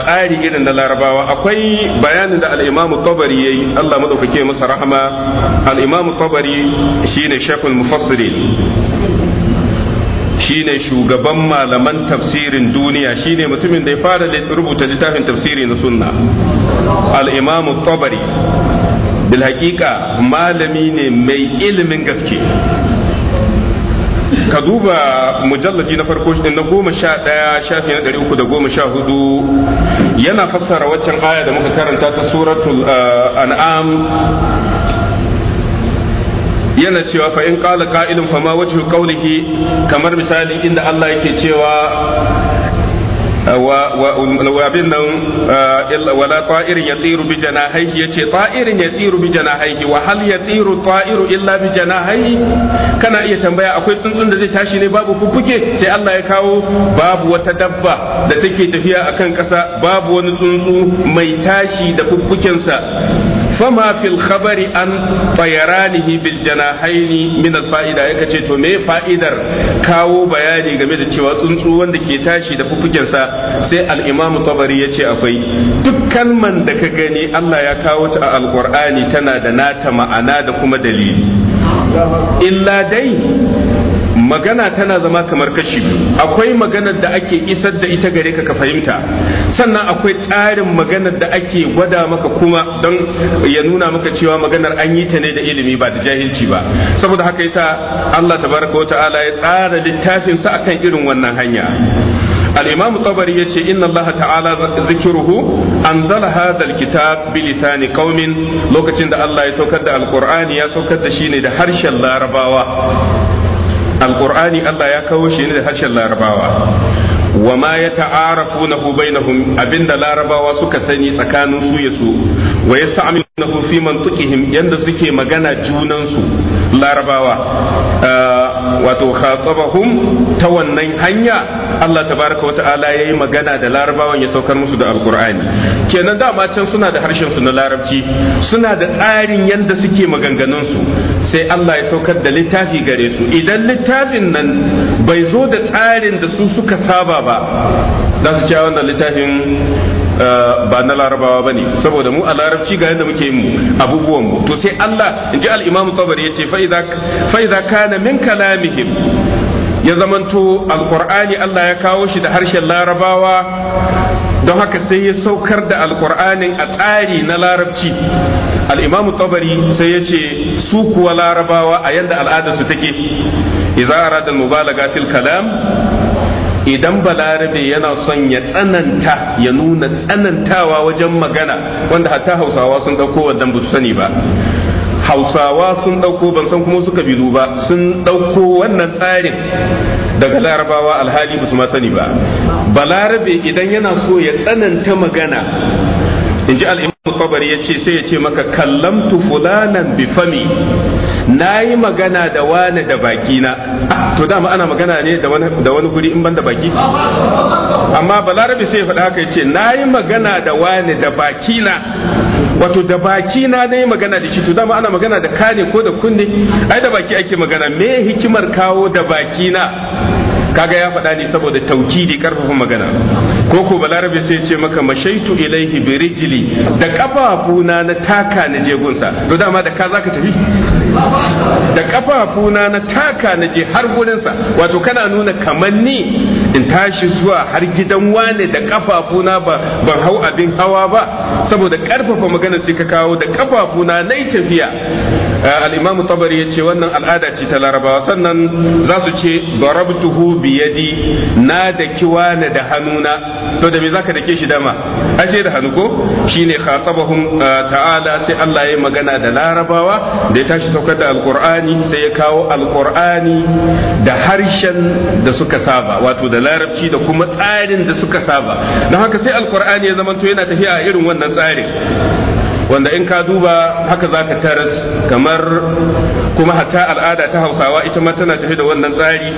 tsari irin da larabawa akwai bayanin da al'imamu tabari ya yi allah maɗaukake masa rahama al'imamu tabari shine shekul mufassiri shine shugaban malaman tafsirin duniya shine mutumin da ya fara rubuta littafin tafsiri na sunna al-imam tabari bil malami ne mai ilimin gaske ka duba mujallaji na farko na goma sha ɗaya shafi na ɗari uku da goma sha hudu yana fassara waccan aya da muka karanta ta suratul eh, an'am yana cewa fa in qala qa'ilun fama wajhu qawlihi kamar misali inda Allah yake cewa wa abin nan wala ta'irin ya tsiru bi janahaihi yace ta'irin ya tsiru bi janahaihi wa hal ya tsiru ta'iru illa bi janahaihi kana iya tambaya akwai tsuntsun da zai tashi ne babu fuffuke sai Allah ya kawo babu wata dabba da take tafiya akan kasa babu wani tsuntsu mai tashi da fuffukensa fama fil khabari an tayaranihi bil janahaini min fa'ida yake ce to me fa'idar kawo bayani game da cewa tsuntsu wanda ke tashi da fufukensa sai al imamu ya ce akwai dukkan man da ka gani Allah ya kawo ta a alqur'ani tana da nata ma'ana da kuma dalili illa dai magana tana zama kamar kashi akwai maganar da ake isar da ita gare ka ka fahimta sannan akwai tsarin maganar da ake gwada maka kuma don ya nuna maka cewa maganar an yi ta ne da ilimi ba da jahilci ba saboda haka yasa Allah tabaraka wa ta'ala ya tsara littafin sa akan irin wannan hanya الإمام الطبري kitab إن الله تعالى ذكره أنزل هذا الكتاب بلسان قوم al الله يسوكد القرآن يسوكد شيني ne da harshen larabawa. alqur'ani Allah ya kawo shi ne da harshen larabawa wa ma ya arafu na bainahum abinda larabawa suka sani tsakanin su wa yasta'milunahu fi mantiqihim yanda suke magana junansu larabawa uh, wato khasabahum ta wannan hanya Allah tabaraka ya yi magana da larabawan ya saukar musu da alqur'ani kenan dama can suna da harshen su na larabci suna da tsarin yanda suke maganganunsu, sai Allah ya saukar da littafi gare su idan littafin nan bai zo da tsarin da su suka saba ba za su cewa wannan littafin Eh, ba na larabawa ba ne saboda mu a larabci ga yadda muke mu abubuwan mu to sai Allah in ji al-imamu tabari yace fa idza kana min kalamihim ya zamanto alkur'ani Allah ya kawo shi da harshen larabawa don haka sai ya saukar da alkur'anin a tsari na larabci al'imamu tabari sai ya ce su kuwa larabawa a yadda al'adarsu take idza arada mubalaga fil kalam idan balarabe yana son ya tsananta ya nuna tsanantawa wajen magana wanda hatta hausawa sun ɗauko wannan ba su sani ba hausawa sun ɗauko ban san kuma su kabilu ba sun ɗauko wannan tsarin daga larabawa alhali ba su ma sani ba balarabe idan yana so ya tsananta magana in ji kabari ya ce sai ya ce maka kallamtu fulanan bi fami na yi magana da wani da baki na ah, to dama ana magana ne da wani guri in ban da baki amma balarabi sai ya faɗa haka ya ce na yi magana da wani da baki na wato da baki na na yi magana da shi to dama ana magana da kane ko da kunne ai da baki ake magana me hikimar kawo da baki na kaga ya faɗa ne saboda taukidi karfafa magana ko ko balarabe sai ce maka mashaitu ilaihi birijili. da kafafuna na taka na je gunsa to dama da ka zaka tafi da ƙafafuna na taka na je har gurinsa wato kana nuna ni in tashi zuwa har gidan wane da ƙafafuna ba ban hau abin hawa ba saboda ƙarfafa magana sai ka kawo da ƙafafuna na tafiya Eh, al-imam ya ce wannan al'ada ce ta larabawa sannan za su ce barabtuhu bi yadi na da kiwana da hannuna to da me zaka dake shi dama ashe da hannu ko shine khasabahum eh, ta'ala sai Allah ya magana da larabawa da ya tashi saukar da alqur'ani sai ya kawo alqur'ani da harshen da suka saba wato da larabci da kuma tsarin da suka saba don haka sai alqur'ani ya zamanto yana tafiya a irin wannan tsarin wanda in ka duba haka za ka taras kamar kuma hatta al'ada ta hausawa ita ma tana tafi da wannan tsari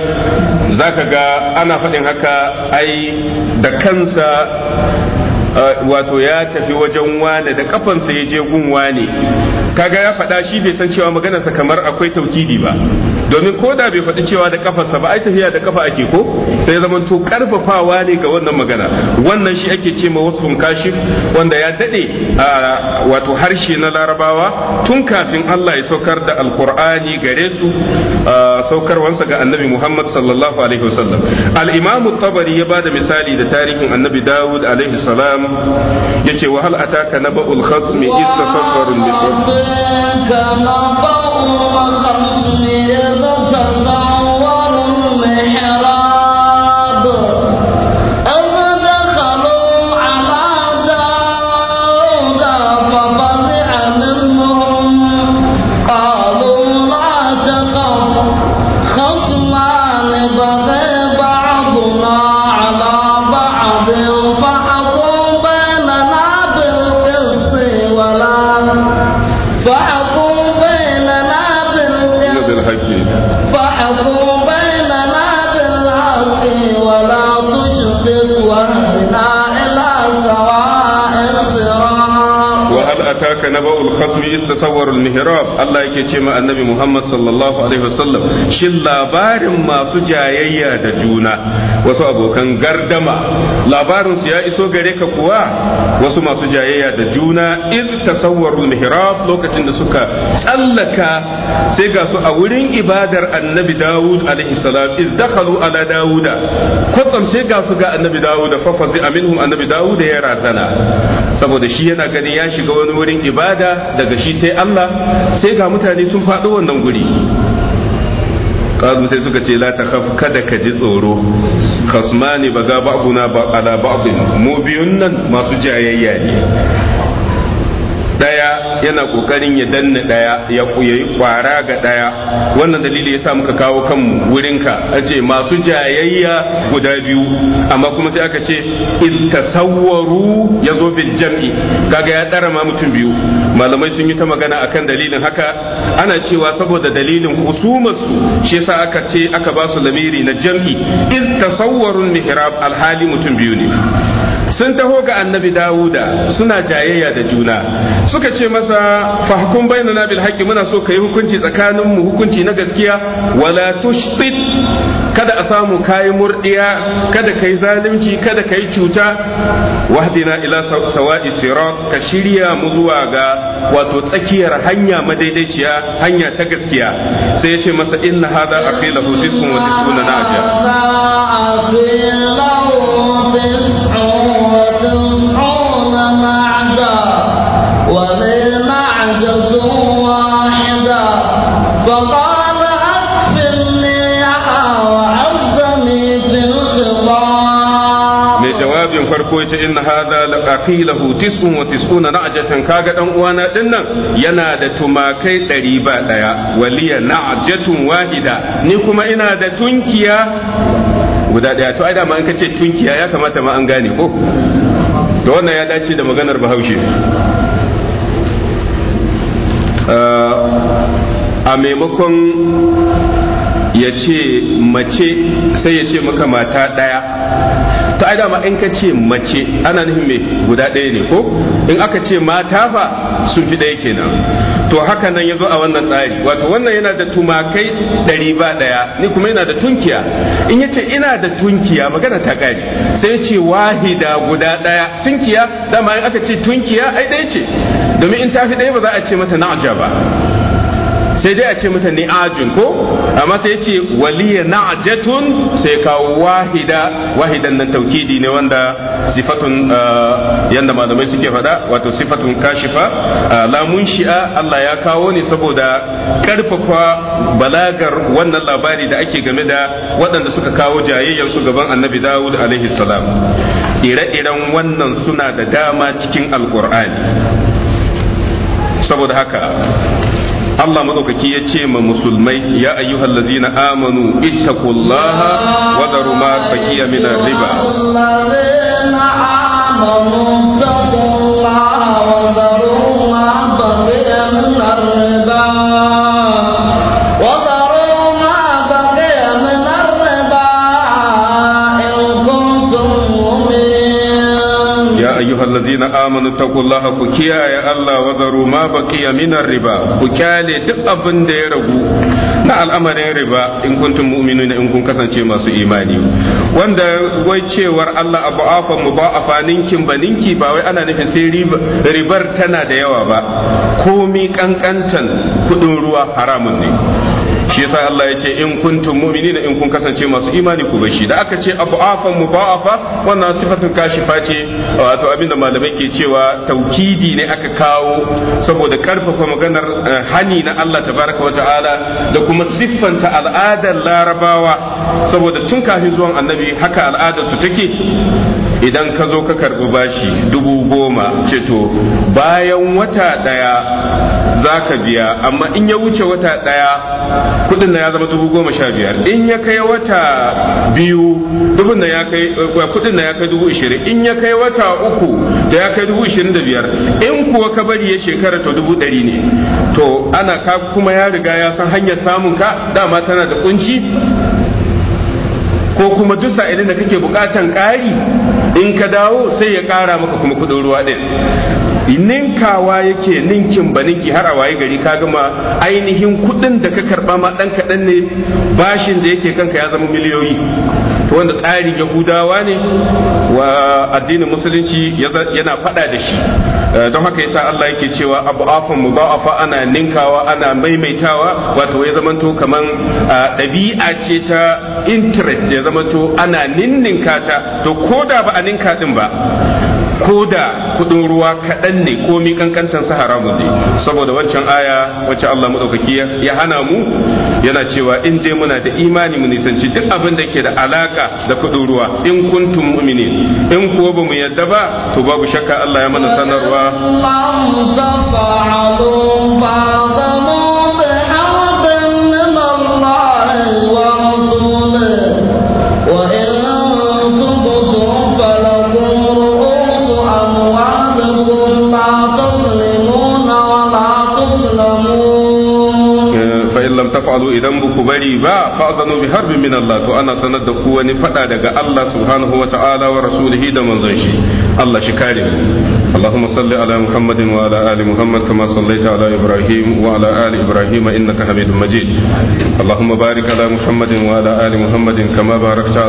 za ka ga ana faɗin haka ai da kansa Uh, wato ya tafi wajen wane da kafansa ya je gun wane kaga ya faɗa shi bai san cewa maganarsa kamar akwai taukidi ba domin ko da bai faɗi cewa da kafarsa ba ai tafiya da kafa ake ko sai zaman to karfafawa ne ga wannan magana wannan shi ake ce ma wasfun kashif wanda ya dade a wato harshe na larabawa tun kafin Allah ya saukar da alqur'ani gare su saukarwansa ga annabi Muhammad sallallahu alaihi wasallam al-imam tabari ya bada misali da tarihin annabi Dawud alaihi salam yace wa hal ataka naba'ul khasmi is tasaffarun bisab yastasawwaru al-mihrab Allah yake ce ma annabi Muhammad sallallahu alaihi wasallam shin labarin masu jayayya da juna wasu abokan gardama labarin su ya iso gare ka kuwa wasu masu jayayya da juna iz tasawwaru mihrab lokacin da suka tsallaka sai ga su a wurin ibadar annabi Dawud alaihi salam iz dakhalu ala Dawuda kwatsam sai ga su ga annabi Dawud fa zi aminhum annabi Dawud ya razana saboda shi yana ganin ya shiga wani wurin ibada daga da shi sai Allah sai ga mutane sun faɗi wannan guri kazu sai suka ce la takhaf kada ka ji tsoro kasmani baga ba'duna ala ba'din mu biyun nan masu jayayya ne yana kokarin ya danna daya ya kuyi kwara ga daya wannan dalili yasa muka kawo kan wurinka a ce masu jayayya guda biyu amma kuma sai aka ce in tasawwaru ya zo bil jam'i kaga ya tsara ma mutum biyu malamai sun yi ta magana akan dalilin haka ana cewa saboda dalilin husumarsu shi yasa aka ce aka ba su lamiri na jam'i in tasawwarun mihrab alhali mutum biyu ne sun taho ga annabi dawuda suna jayayya da juna suka ce masa masa fahkun bainana bil haqqi muna so kai hukunci tsakanin mu hukunci na gaskiya wala tushfit kada a samu kai murdiya kada kai zalunci kada kai cuta wahdina ila sawa'i sirat ka shirya mu zuwa ga wato tsakiyar hanya madaidaiciya hanya ta gaskiya sai ya ce masa inna hadha aqilahu tisun wa tisuna naja aqilahu tisun wa tisuna farko yace inna hadha laqaqilahu tis'un wa tis'una na'jatan kaga dan uwana din nan yana da tumakai ɗari ba ɗaya waliya na'jatun wahida ni kuma ina da tunkiya guda ɗaya to ai da ma an kace tunkiya ya kamata ma an gane ko to wannan ya dace da maganar bahaushe uh, a maimakon ya ce mace sai ya ce maka mata ɗaya to ai dama in ka ce mace ana nufin me guda ɗaya ne ko in aka ce mata fa sun fi ɗaya kenan to haka nan yazo a wannan tsari wato wannan yana da tumakai ɗari ba ɗaya ni kuma yana da tunkiya in yace ina da tunkiya magana ta ƙari sai ya ce wahida guda ɗaya tunkiya dama in aka ce tunkiya ai ɗaya ce domin in ta fi ɗaya ba za a ce mata na'aja ba sai dai a ce mata ajin ko amma sai ya ce waliya ajetun sai kawo wahida wahidan nan taukidi ne wanda sifatun ah, yanda malamai suke faɗa wato sifatun kashifa ah, lamun shi'a Allah ya kawo ne saboda karfafa balagar wannan labari da ake game da waɗanda suka kawo jayayyar su gaban annabi Dawud alaihi salam ire-iren wannan suna da dama cikin alkur'ani saboda haka Allah madaukaki ya ce ma musulmai ya ayyuhal ladzina amanu ittaqullaha wa daru ma baqiya min riba allazina amanu taqullaha ku kiyaye Allah wa zaru ma baqiya minar riba ku kyale duk abin da ya ragu na al'amarin riba in kuntum mu'minuna in kun kasance masu imani wanda wai cewar Allah abu afa mudha'afa ninkin ba ninki ba wai ana nufin sai ribar tana da yawa ba komi kankantan kudin ruwa haramun ne shi yasa Allah ya ce in kuntum mu'minina in kun kasance masu imani ku gashi da aka ce afafan mubaafa wannan sifatun kashifa ce wato abinda malamai ke cewa taukidi ne aka kawo saboda karfafa maganar eh, hani na Allah tabaraka wa ta'ala da kuma siffanta al'adar larabawa saboda tun kafin zuwan annabi haka al'adar su take idan ka zo ka karbi bashi dubu goma ce to bayan wata daya za ka biya amma in ya wuce wata daya kudin na ya zama dubu goma sha biyar in ya kai wata biyu dubun na ya kai eh, kudin na ya kai dubu ishirin in ya kai wata uku da ya kai dubu ishirin da biyar in kuwa ka bari ya shekara to dubu dari ne to ana ka kuma ya riga ya san hanyar samun ka dama tana da kunci ko kuma duk idan da kake bukatan ƙari in ka dawo sai ya ƙara maka kuma kudin ruwa ɗin ninkawa yake ninkin ba ninki har a waye gari ka gama ainihin kuɗin da ka karɓa ma ɗan kaɗan ne bashin da yake kanka ya zama miliyoyi to wanda tsarin yahudawa ne wa addinin musulunci yana fada da shi eh, don haka yasa Allah yake cewa abu afan ba'afa ana ninkawa ana maimaitawa wato ya zamanto kaman dabi'a ce ta interest ya zamanto ana ninninka ta to ko da ba a ninka din ba ko da kudin ruwa kaɗan ne ko mi kankantar sa haramun ne saboda wancan aya wacce Allah maɗaukaki ya hana mu yana cewa in dai muna da imani mu nisanci duk abin da ke da alaka da kudin ruwa in kuntum mu'minin in kuwa ba mu yadda ba to babu shakka Allah ya mana sanarwa taf'alu idan buku bari ba fa'zanu bi harbin min Allah to ana sanar da ku faɗa daga Allah subhanahu wa ta'ala wa rasulihi da manzon shi Allah shi kare mu salli ala Muhammadin ali Muhammad kama sallaita ala Ibrahim wa ali Ibrahim innaka Hamidum Majid Allahumma barik ala Muhammadin wa ala kama barakta